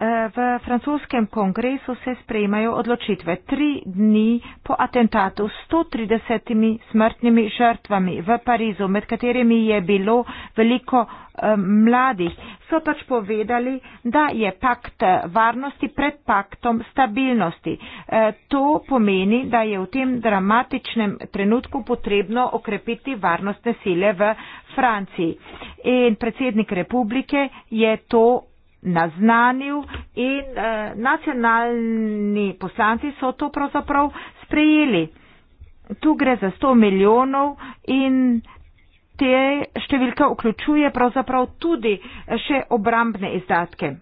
Eh, v francoskem kongresu se sprejmajo odločitve. Tri dni po atentatu s 130 smrtnimi žrtvami v Parizu, med katerimi je bilo veliko eh, mladih, so pač povedali, da je pakt eh, varnosti pred paktom stabilnosti. Eh, to pomeni, da je v tem dramatičnem trenutku potrebno okrepiti varnostne sile v Franciji. In predsednik republike je to naznanil in eh, nacionalni poslanci so to pravzaprav sprejeli. Tu gre za 100 milijonov in te številke vključuje pravzaprav tudi eh, še obrambne izdatke.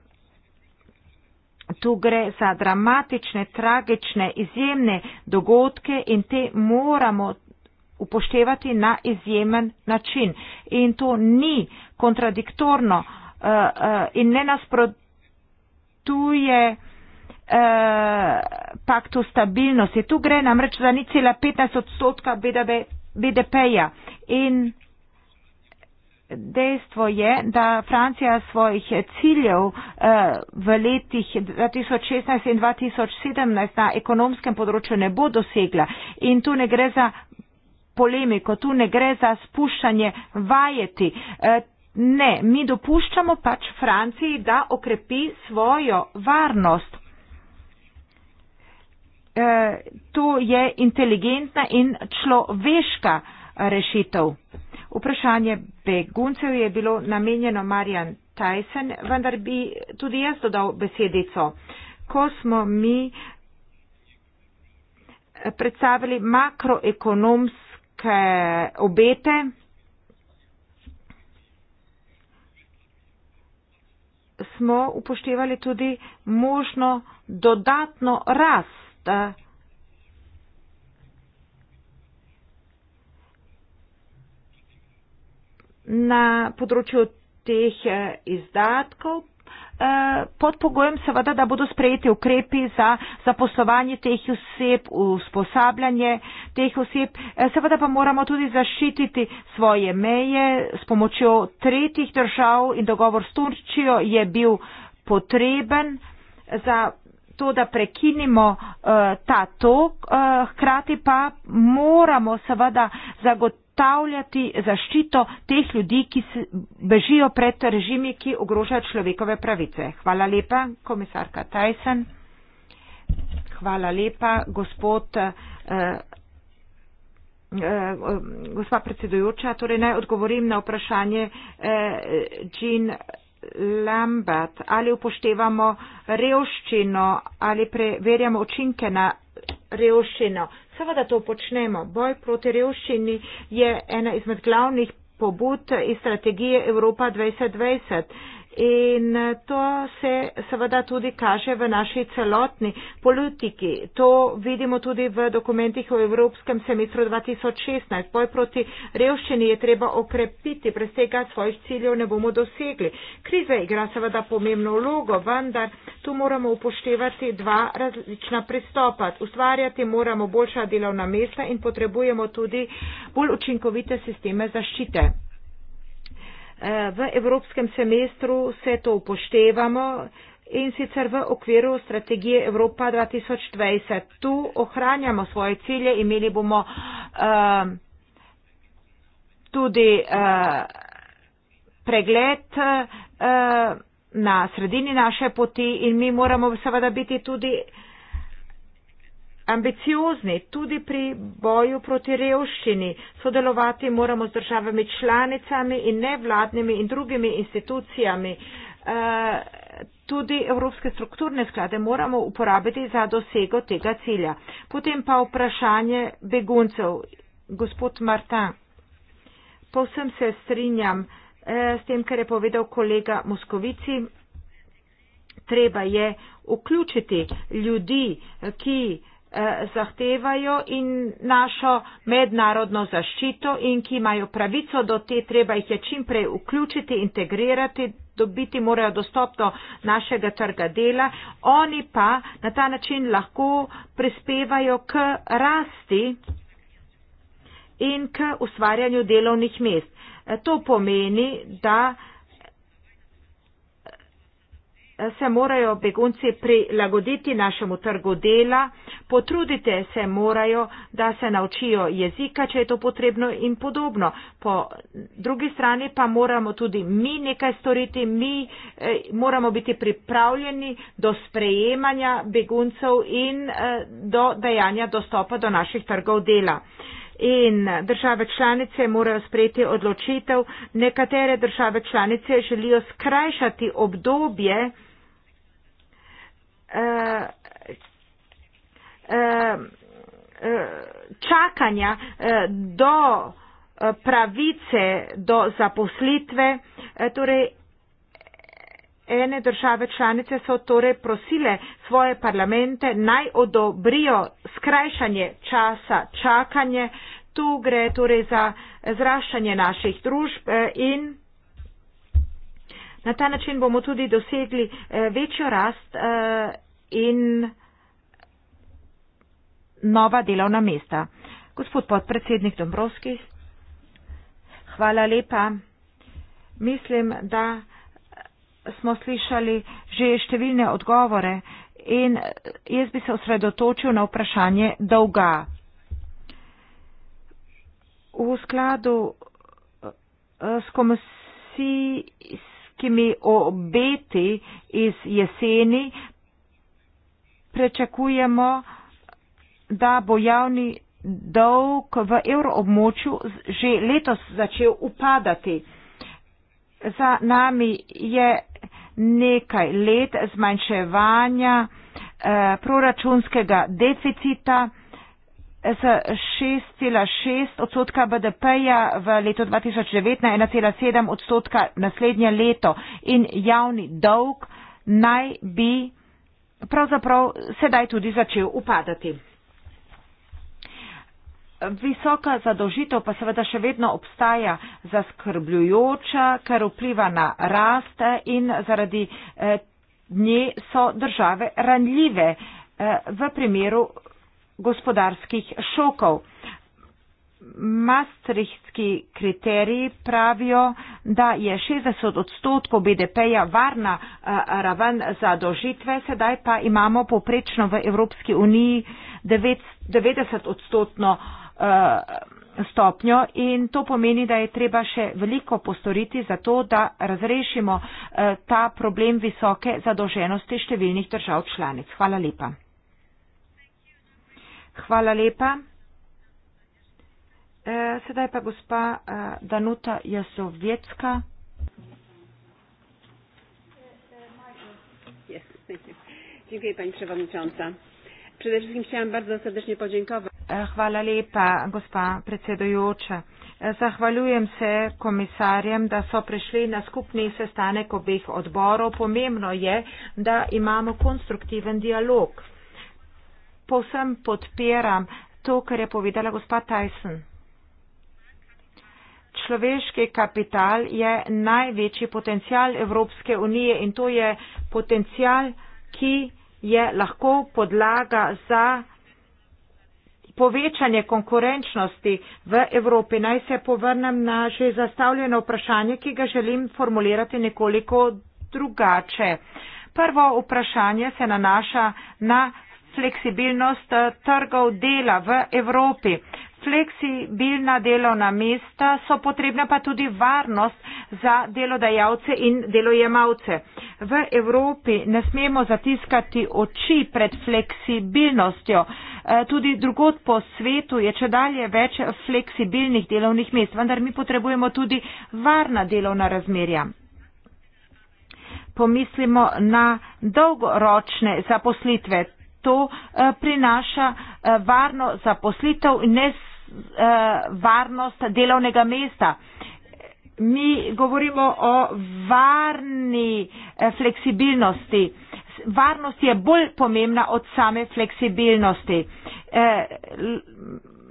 Tu gre za dramatične, tragične, izjemne dogodke in te moramo upoštevati na izjemen način. In to ni kontradiktorno. Eh, uh, uh, in ne nasprotuje uh, paktu stabilnosti. Tu gre namreč za ni cela 15 odstotka BDP-ja. In dejstvo je, da Francija svojih ciljev uh, v letih 2016 in 2017 na ekonomskem področju ne bo dosegla. In tu ne gre za polemiko, tu ne gre za spuščanje vajeti. Uh, ne, mi dopuščamo pač Franciji, da okrepi svojo varnost. E, to je inteligentna in človeška rešitev. Vprašanje beguncev je bilo namenjeno Marjan Tyson, vendar bi tudi jaz dodal besedico. Ko smo mi e, predstavili makroekonomske obete, smo upoštevali tudi možno dodatno rast. Eh, na področju teh eh, izdatkov Eh, pod pogojem seveda, da bodo sprejeti ukrepi za zaposlovanje teh oseb, usposabljanje teh oseb. Eh, seveda pa moramo tudi zaščititi svoje meje s pomočjo tretjih držav in dogovor s Turčijo je bil potreben za to, da prekinimo eh, ta tok. Hkrati pa moramo seveda zagotoviti zagotavljati zaščito teh ljudi, ki bežijo pred režimi, ki ogrožajo človekove pravice. Hvala lepa, komisarka Tyson. Hvala lepa, gospod. Uh, Gospa predsedujoča, torej naj odgovorim na vprašanje eh, Jean Lambert. Ali upoštevamo revščino ali preverjamo učinke na revščino? seveda to počnemo. Boj proti revščini je ena izmed glavnih pobud iz strategije Evropa 2020. In eh, to se seveda tudi kaže v naši celotni politiki. To vidimo tudi v dokumentih o Evropskem semestru 2016. Boj proti revščini je treba okrepiti, brez tega svojih ciljev ne bomo dosegli. Kriza igra seveda pomembno vlogo, vendar tu moramo upoštevati dva različna pristopa. Ustvarjati moramo boljša delovna mesta in potrebujemo tudi bolj učinkovite sisteme zaščite. Eh, v evropskem semestru se to upoštevamo in sicer v okviru strategije Evropa 2020. Tu ohranjamo svoje cilje, imeli bomo eh, tudi eh, pregled na sredini naše poti in mi moramo seveda biti tudi ambiciozni tudi pri boju proti revščini. Sodelovati moramo z državami članicami in nevladnimi in drugimi institucijami. E, tudi evropske strukturne sklade moramo uporabiti za dosego tega cilja. Potem pa vprašanje beguncev. Gospod Martin, povsem se strinjam e, s tem, kar je povedal kolega Moskovici. Treba je vključiti ljudi, ki Eh, zahtevajo in našo mednarodno zaščito in ki imajo pravico do te, treba jih je čim prej vključiti, integrirati, dobiti morajo dostop do našega trga dela. Oni pa na ta način lahko prispevajo k rasti in k ustvarjanju delovnih mest. Eh, to pomeni, da se morajo begunci prilagoditi našemu trgu dela, potrudite se morajo, da se naučijo jezika, če je to potrebno in podobno. Po drugi strani pa moramo tudi mi nekaj storiti, mi eh, moramo biti pripravljeni do sprejemanja beguncev in eh, do dajanja dostopa do naših trgov dela. In države članice morajo sprejeti odločitev. Nekatere države članice želijo skrajšati obdobje, čakanja eh, do eh, pravice do zaposlitve. Eh, torej, ene države članice so torej prosile svoje parlamente naj odobrijo skrajšanje časa čakanje. Tu gre torej za zraščanje naših družb in Na ta način bomo tudi dosegli eh, večjo rast eh, in nova delovna mesta. Gospod podpredsednik Dombrovski, hvala lepa. Mislim, da smo slišali že številne odgovore in eh, jaz bi se osredotočil na vprašanje dolga. V skladu s komisijo velikimi obeti iz jeseni, prečakujemo, da bo javni dolg v evroobmočju že letos začel upadati. Za nami je nekaj let zmanjševanja eh, proračunskega deficita s 6,6 odstotka BDP-ja v letu 2009 na 1,7 odstotka naslednje leto in javni dolg naj bi pravzaprav sedaj tudi začel upadati. Visoka zadožitev pa seveda še vedno obstaja zaskrbljujoča, ker vpliva na rast in zaradi eh, nje so države ranljive eh, v primeru gospodarskih šokov. Maastrichtski kriteriji pravijo, da je 60 odstotkov BDP-ja varna eh, raven za dožitve, sedaj pa imamo poprečno v Evropski uniji 90 odstotno eh, stopnjo in to pomeni, da je treba še veliko postoriti za to, da razrešimo eh, ta problem visoke zadolženosti številnih držav članic. Hvala lepa. Hvala lepa. E, sedaj pa gospa e, Danuta Jasovjetska. Dziękuję Pani Przewodnicząca. Przede wszystkim chciałam bardzo serdecznie podziękować. E, hvala lepa, gospa predsedujoča. Zahvaljujem se komisarjem, da so prišli na skupni sestanek obeh odborov. Pomembno je, da imamo konstruktiven dialog povsem podpiram to, kar je povedala gospa Tyson. Človeški kapital je največji potencial Evropske unije in to je potencial, ki je lahko podlaga za povečanje konkurenčnosti v Evropi. Naj se povrnem na že zastavljeno vprašanje, ki ga želim formulirati nekoliko drugače. Prvo vprašanje se nanaša na fleksibilnost eh, trgov dela v Evropi. Fleksibilna delovna mesta so potrebna pa tudi varnost za delodajalce in delojemalce. V Evropi ne smemo zatiskati oči pred fleksibilnostjo. Eh, tudi drugot po svetu je če dalje več fleksibilnih delovnih mest, vendar mi potrebujemo tudi varna delovna razmerja. Pomislimo na dolgoročne zaposlitve to eh, prinaša eh, varno zaposlitev in ne eh, varnost delovnega mesta. Mi govorimo o varni fleksibilnosti. Varnost je bolj pomembna od same fleksibilnosti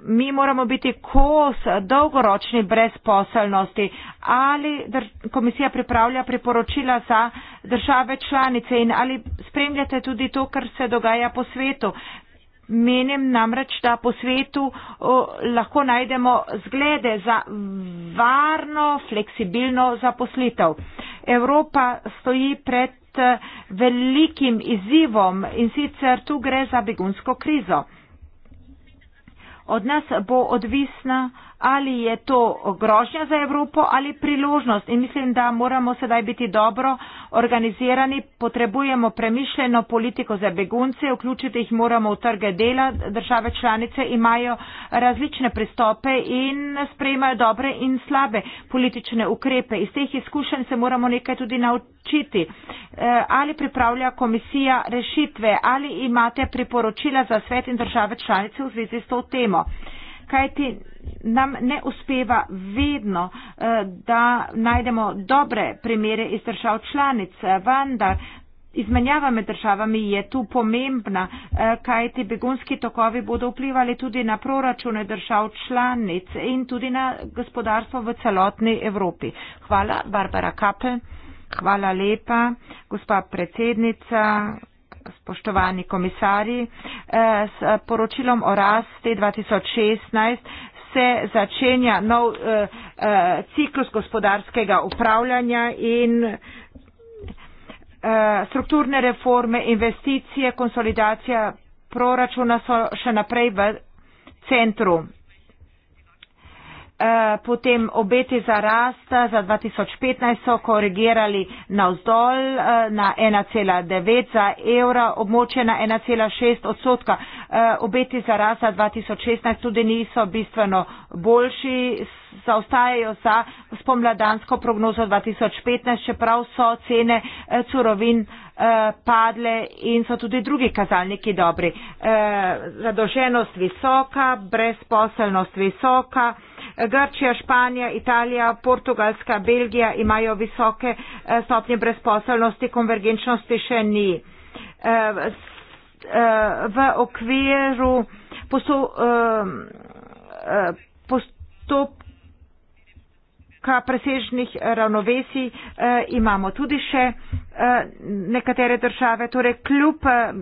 mi moramo biti kos dolgoročni brezposelnosti ali dr komisija pripravlja priporočila za države članice in ali spremljate tudi to, kar se dogaja po svetu. Menim namreč, da po svetu o, lahko najdemo zglede za varno, fleksibilno zaposlitev. Evropa stoji pred eh, velikim izzivom in sicer tu gre za begunsko krizo od nas bo odvisna ali je to grožnja za Evropo ali priložnost. In mislim, da moramo sedaj biti dobro organizirani, potrebujemo premišljeno politiko za begunce, vključiti jih moramo v trge dela. Države članice imajo različne pristope in sprejmajo dobre in slabe politične ukrepe. Iz teh izkušenj se moramo nekaj tudi naučiti. Eh, ali pripravlja komisija rešitve, ali imate priporočila za svet in države članice v zvezi s to temo kajti nam ne uspeva vedno, eh, da najdemo dobre primere iz držav članic, vendar izmenjava med državami je tu pomembna, eh, kajti begunski tokovi bodo vplivali tudi na proračune držav članic in tudi na gospodarstvo v celotni Evropi. Hvala, Barbara Kape. Hvala lepa, gospa predsednica, spoštovani komisari, eh, s poročilom o rasti 2016 se začenja nov eh, eh, ciklus gospodarskega upravljanja in eh, strukturne reforme, investicije, konsolidacija proračuna so še naprej v centru Eh, potem obeti za rast eh, za 2015 so korigirali navzdol eh, na 1,9 za evra, območje na 1,6 odstotka. Obeti za rast za 2016 tudi niso bistveno boljši, zaostajajo za spomladansko prognozo 2015, čeprav so cene surovin padle in so tudi drugi kazalniki dobri. Zadoženost visoka, brezposelnost visoka, Grčija, Španija, Italija, Portugalska, Belgija imajo visoke eh, stopnje brezposelnosti, konvergenčnosti še ni. Eh, eh, v okviru postopka ka presežnih ravnovesij eh, imamo tudi še eh, nekatere države. Torej, kljub eh,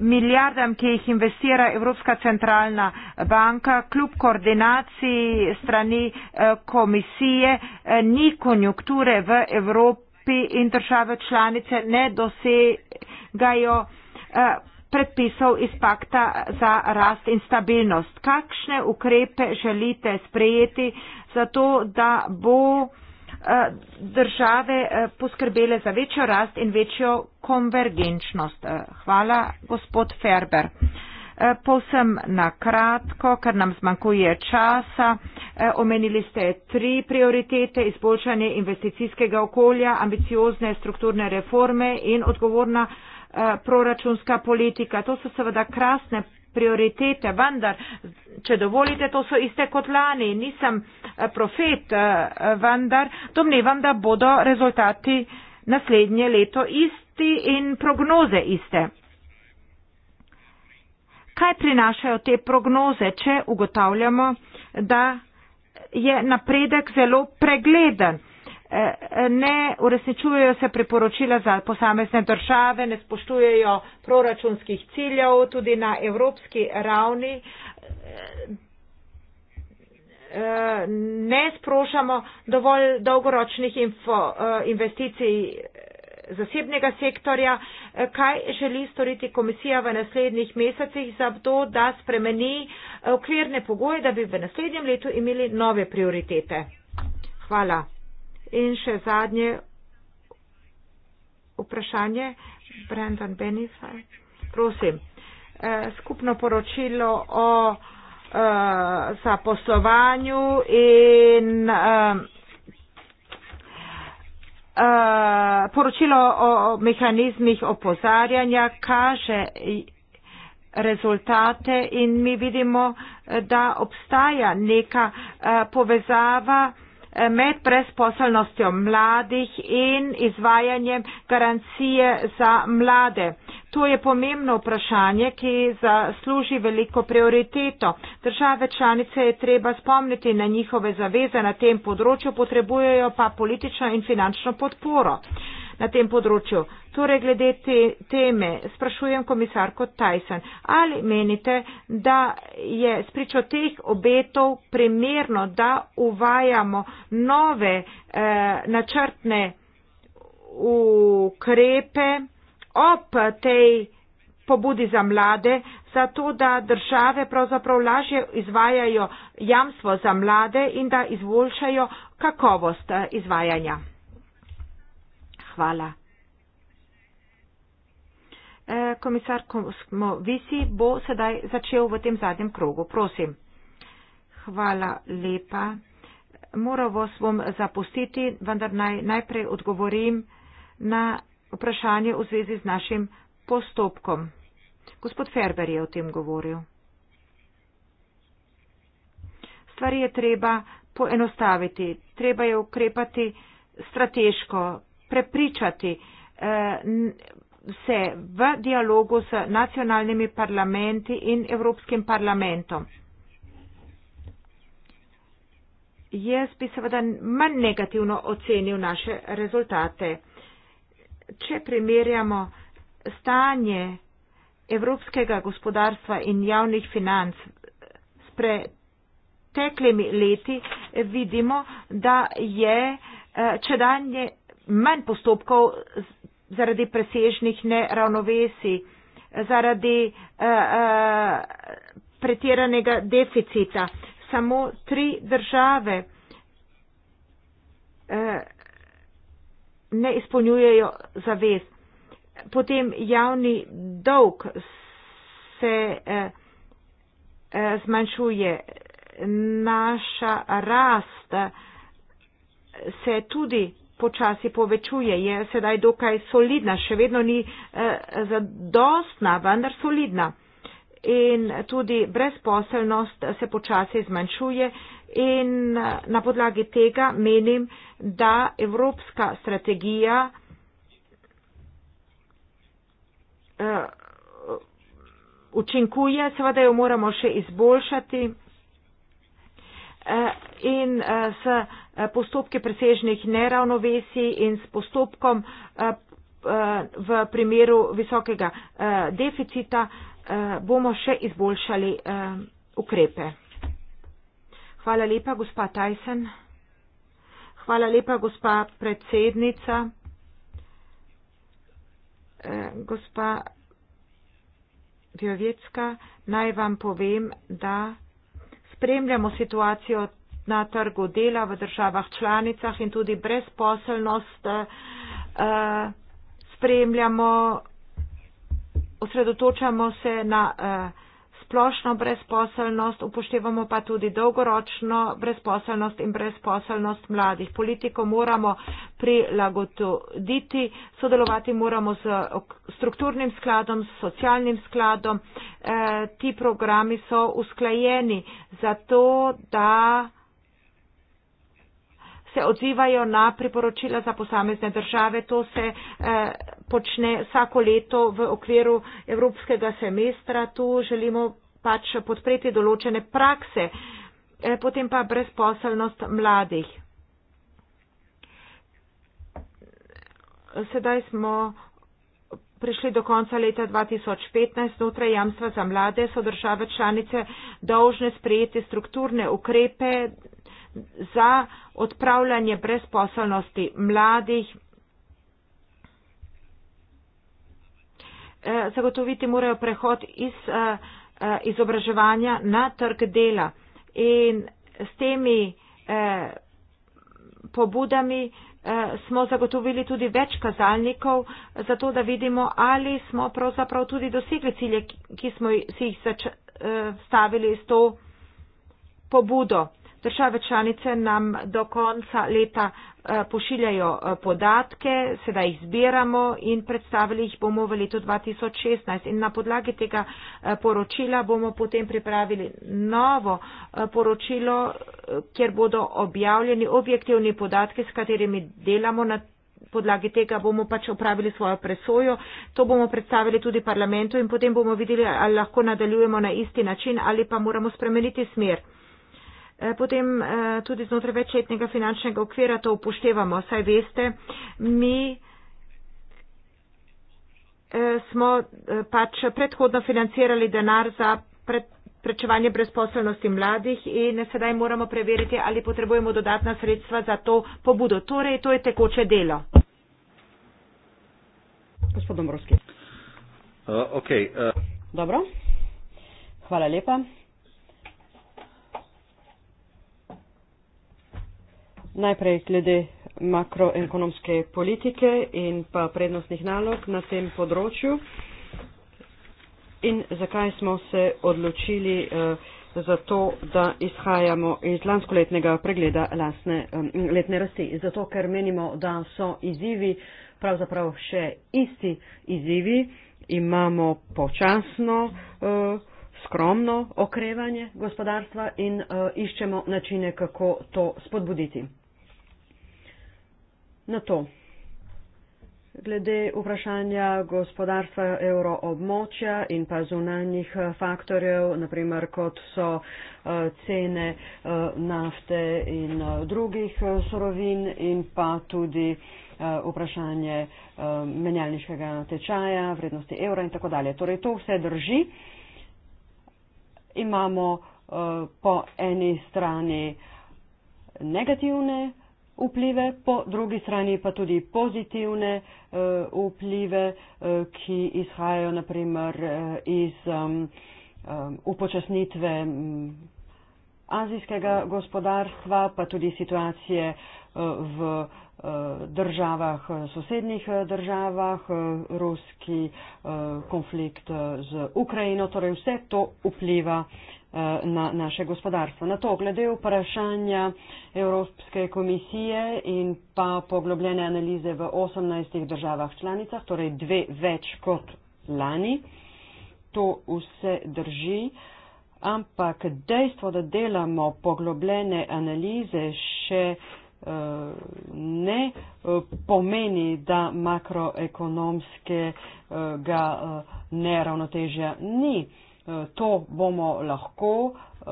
milijardam, ki jih investira Evropska centralna banka, kljub koordinaciji strani eh, komisije, eh, ni konjunkture v Evropi in države članice ne dosegajo eh, predpisov iz pakta za rast in stabilnost. Kakšne ukrepe želite sprejeti za to, da bo Eh, države eh, poskrbele za večjo rast in večjo konvergenčnost. Eh, hvala, gospod Ferber. Povsem na kratko, ker nam zmanjkuje časa, omenili ste tri prioritete, izboljšanje investicijskega okolja, ambiciozne strukturne reforme in odgovorna proračunska politika. To so seveda krasne prioritete, vendar, če dovolite, to so iste kot lani. Nisem eh, profet, eh, vendar domnevam, da bodo rezultati naslednje leto isti in prognoze iste. Kaj prinašajo te prognoze, če ugotavljamo, da je napredek zelo pregleden? Eh, eh, ne uresničujejo se priporočila za posamezne države, ne spoštujejo proračunskih ciljev tudi na evropski ravni. Eh, ne sprošamo dovolj dolgoročnih info, investicij zasebnega sektorja. Kaj želi storiti komisija v naslednjih mesecih za to, da spremeni okvirne pogoje, da bi v naslednjem letu imeli nove prioritete? Hvala. In še zadnje vprašanje, Brendan Benify. Prosim, eh, skupno poročilo o eh, zaposlovanju in eh, poročilo o mehanizmih opozarjanja kaže rezultate in mi vidimo, da obstaja neka povezava med brezposelnostjo mladih in izvajanjem garancije za mlade. To je pomembno vprašanje, ki zasluži veliko prioriteto. Države članice je treba spomniti na njihove zaveze na tem področju, potrebujejo pa politično in finančno podporo na tem področju. Torej, glede te teme, sprašujem komisarko Tyson, ali menite, da je spričo teh obetov primerno, da uvajamo nove eh, načrtne ukrepe ob tej pobudi za mlade, zato da države pravzaprav lažje izvajajo jamstvo za mlade in da izboljšajo kakovost eh, izvajanja hvala. E, komisar Komovisi bo sedaj začel v tem zadnjem krogu. Prosim. Hvala lepa. Moral vas bom zapustiti, vendar naj najprej odgovorim na vprašanje v zvezi z našim postopkom. Gospod Ferber je o tem govoril. Stvari je treba poenostaviti, treba je ukrepati strateško, prepričati eh, se v dialogu s nacionalnimi parlamenti in Evropskim parlamentom. Jaz bi seveda manj negativno ocenil naše rezultate. Če primerjamo stanje evropskega gospodarstva in javnih financ s preteklimi leti, vidimo, da je eh, če danje manj postopkov zaradi presežnih neravnovesij, zaradi uh, uh, pretiranega deficita. Samo tri države uh, ne izpolnjujejo zavez. Potem javni dolg se uh, uh, zmanjšuje. Naša rast se tudi počasi povečuje, je sedaj dokaj solidna, še vedno ni eh, zadostna, vendar solidna. In tudi brezposelnost se počasi zmanjšuje in eh, na podlagi tega menim, da evropska strategija eh, učinkuje, seveda jo moramo še izboljšati eh, in eh, s Eh, postopke presežnih neravnovesij in s postopkom eh, eh, v primeru visokega deficita bomo še izboljšali ukrepe. Hvala lepa, gospa Tyson. Hvala lepa, gospa predsednica. Gospa Vjovjecka, naj vam povem, da spremljamo situacijo na trgu dela v državah članicah in tudi brezposelnost eh, spremljamo, osredotočamo se na eh, splošno brezposelnost, upoštevamo pa tudi dolgoročno brezposelnost in brezposelnost mladih. Politiko moramo prilagoditi, sodelovati moramo z strukturnim skladom, s socialnim skladom. Eh, ti programi so usklajeni zato, da se odzivajo na priporočila za posamezne države. To se eh, počne vsako leto v okviru evropskega semestra. Tu želimo pač podpreti določene prakse, eh, potem pa brezposelnost mladih. Sedaj smo prišli do konca leta 2015. Znotraj jamstva za mlade so države članice dolžne sprejeti strukturne ukrepe za odpravljanje brezposelnosti mladih. Eh, zagotoviti morajo prehod iz eh, eh, izobraževanja na trg dela in s temi pobudami smo zagotovili tudi več kazalnikov, zato da vidimo, ali smo pravzaprav tudi dosegli cilje, ki smo si jih stavili s to pobudo. Države članice nam do konca leta eh, pošiljajo eh, podatke, sedaj jih zbiramo in predstavili jih bomo v letu 2016. In na podlagi tega eh, poročila bomo potem pripravili novo poročilo, kjer bodo objavljeni objektivni podatki, s katerimi delamo na podlagi tega bomo pač upravili svojo presojo, to bomo predstavili tudi parlamentu in potem bomo videli, ali lahko nadaljujemo na isti način ali pa moramo spremeniti smer. Eh, potem eh, tudi znotraj večletnega finančnega okvira to upoštevamo. Saj veste, mi eh, smo pač predhodno financirali denar za prečevanje brezposelnosti mladih in sedaj moramo preveriti, ali potrebujemo dodatna sredstva za to pobudo. Torej, to je tekoče delo. Gospod Dombrovski. Uh, okay, uh. Dobro. Hvala lepa. najprej glede makroekonomske politike in pa prednostnih nalog na tem področju in zakaj smo se odločili eh, za to, da izhajamo iz lanskoletnega pregleda lastne eh, letne rasti. Zato, ker menimo, da so izzivi pravzaprav še isti izzivi, imamo počasno, eh, skromno okrevanje gospodarstva in iščemo načine, kako to spodbuditi na to. Glede vprašanja gospodarstva euroobmočja in pa zunanjih eh, faktorjev, naprimer kot so eh, cene eh, nafte in drugih sorovin in pa tudi vprašanje menjalniškega tečaja, vrednosti evra in tako dalje. Torej, to vse drži. Imamo po eni strani negativne vplive, po drugi strani pa tudi pozitivne uh, vplive, uh, ki izhajajo naprimer uh, eh, iz um, um, upočasnitve um, azijskega gospodarstva, pa tudi situacije eh, v eh, državah, eh, sosednjih državah, ruski konflikt z Ukrajino, torej vse to vpliva na naše gospodarstvo. Na to glede vprašanja Evropske komisije in pa poglobljene analize v 18 državah članicah, torej dve več kot lani, to vse drži ampak dejstvo, da delamo poglobljene analize, še eh, ne eh, pomeni, da makroekonomskega eh, neravnotežja ni. Eh, to bomo lahko eh,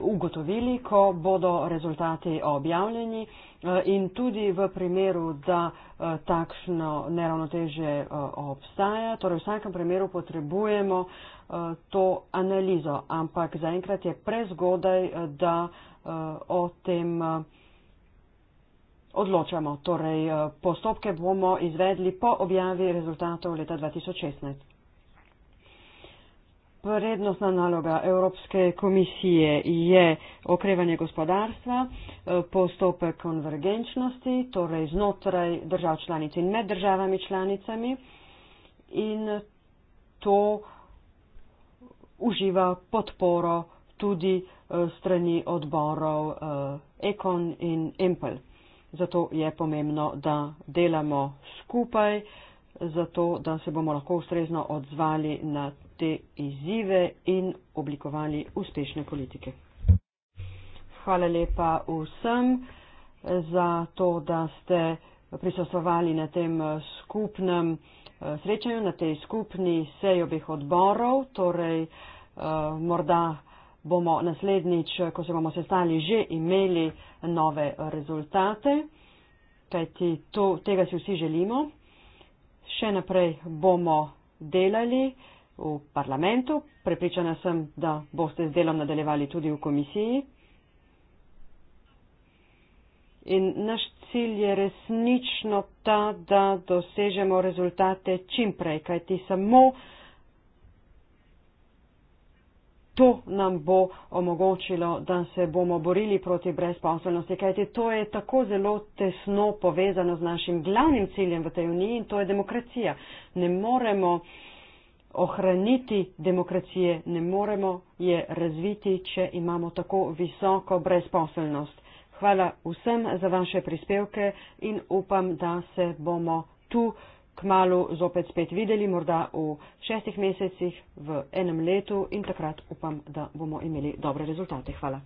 ugotovili, ko bodo rezultati objavljeni eh, in tudi v primeru, da takšno neravnoteže obstaja. Torej v vsakem primeru potrebujemo to analizo, ampak zaenkrat je prezgodaj, da o tem odločamo. Torej postopke bomo izvedli po objavi rezultatov leta 2016. Prednostna naloga Evropske komisije je okrevanje gospodarstva, eh, postopek konvergenčnosti, torej znotraj držav članic in med državami članicami in to uživa podporo tudi eh, strani odborov Econ eh, in Impel. Zato je pomembno, da delamo skupaj, zato da se bomo lahko ustrezno odzvali na te izzive in oblikovali uspešne politike. Hvala lepa vsem za to, da ste prisostovali na tem eh, skupnem eh, srečanju, na tej skupni seji obeh odborov. Torej, eh, morda bomo naslednjič, ko se bomo sestali, že imeli nove rezultate, kajti to, tega si vsi želimo. Še naprej bomo delali v parlamentu. Prepričana sem, da boste z delom nadaljevali tudi v komisiji. In naš cilj je resnično ta, da dosežemo rezultate čimprej, kajti samo to nam bo omogočilo, da se bomo borili proti brezposobnosti, kajti to je tako zelo tesno povezano z našim glavnim ciljem v tej uniji in to je demokracija. Ne moremo ohraniti demokracije ne moremo je razviti, če imamo tako visoko brezposelnost. Hvala vsem za vaše prispevke in upam, da se bomo tu kmalo zopet spet videli, morda v šestih mesecih, v enem letu in takrat upam, da bomo imeli dobre rezultate. Hvala.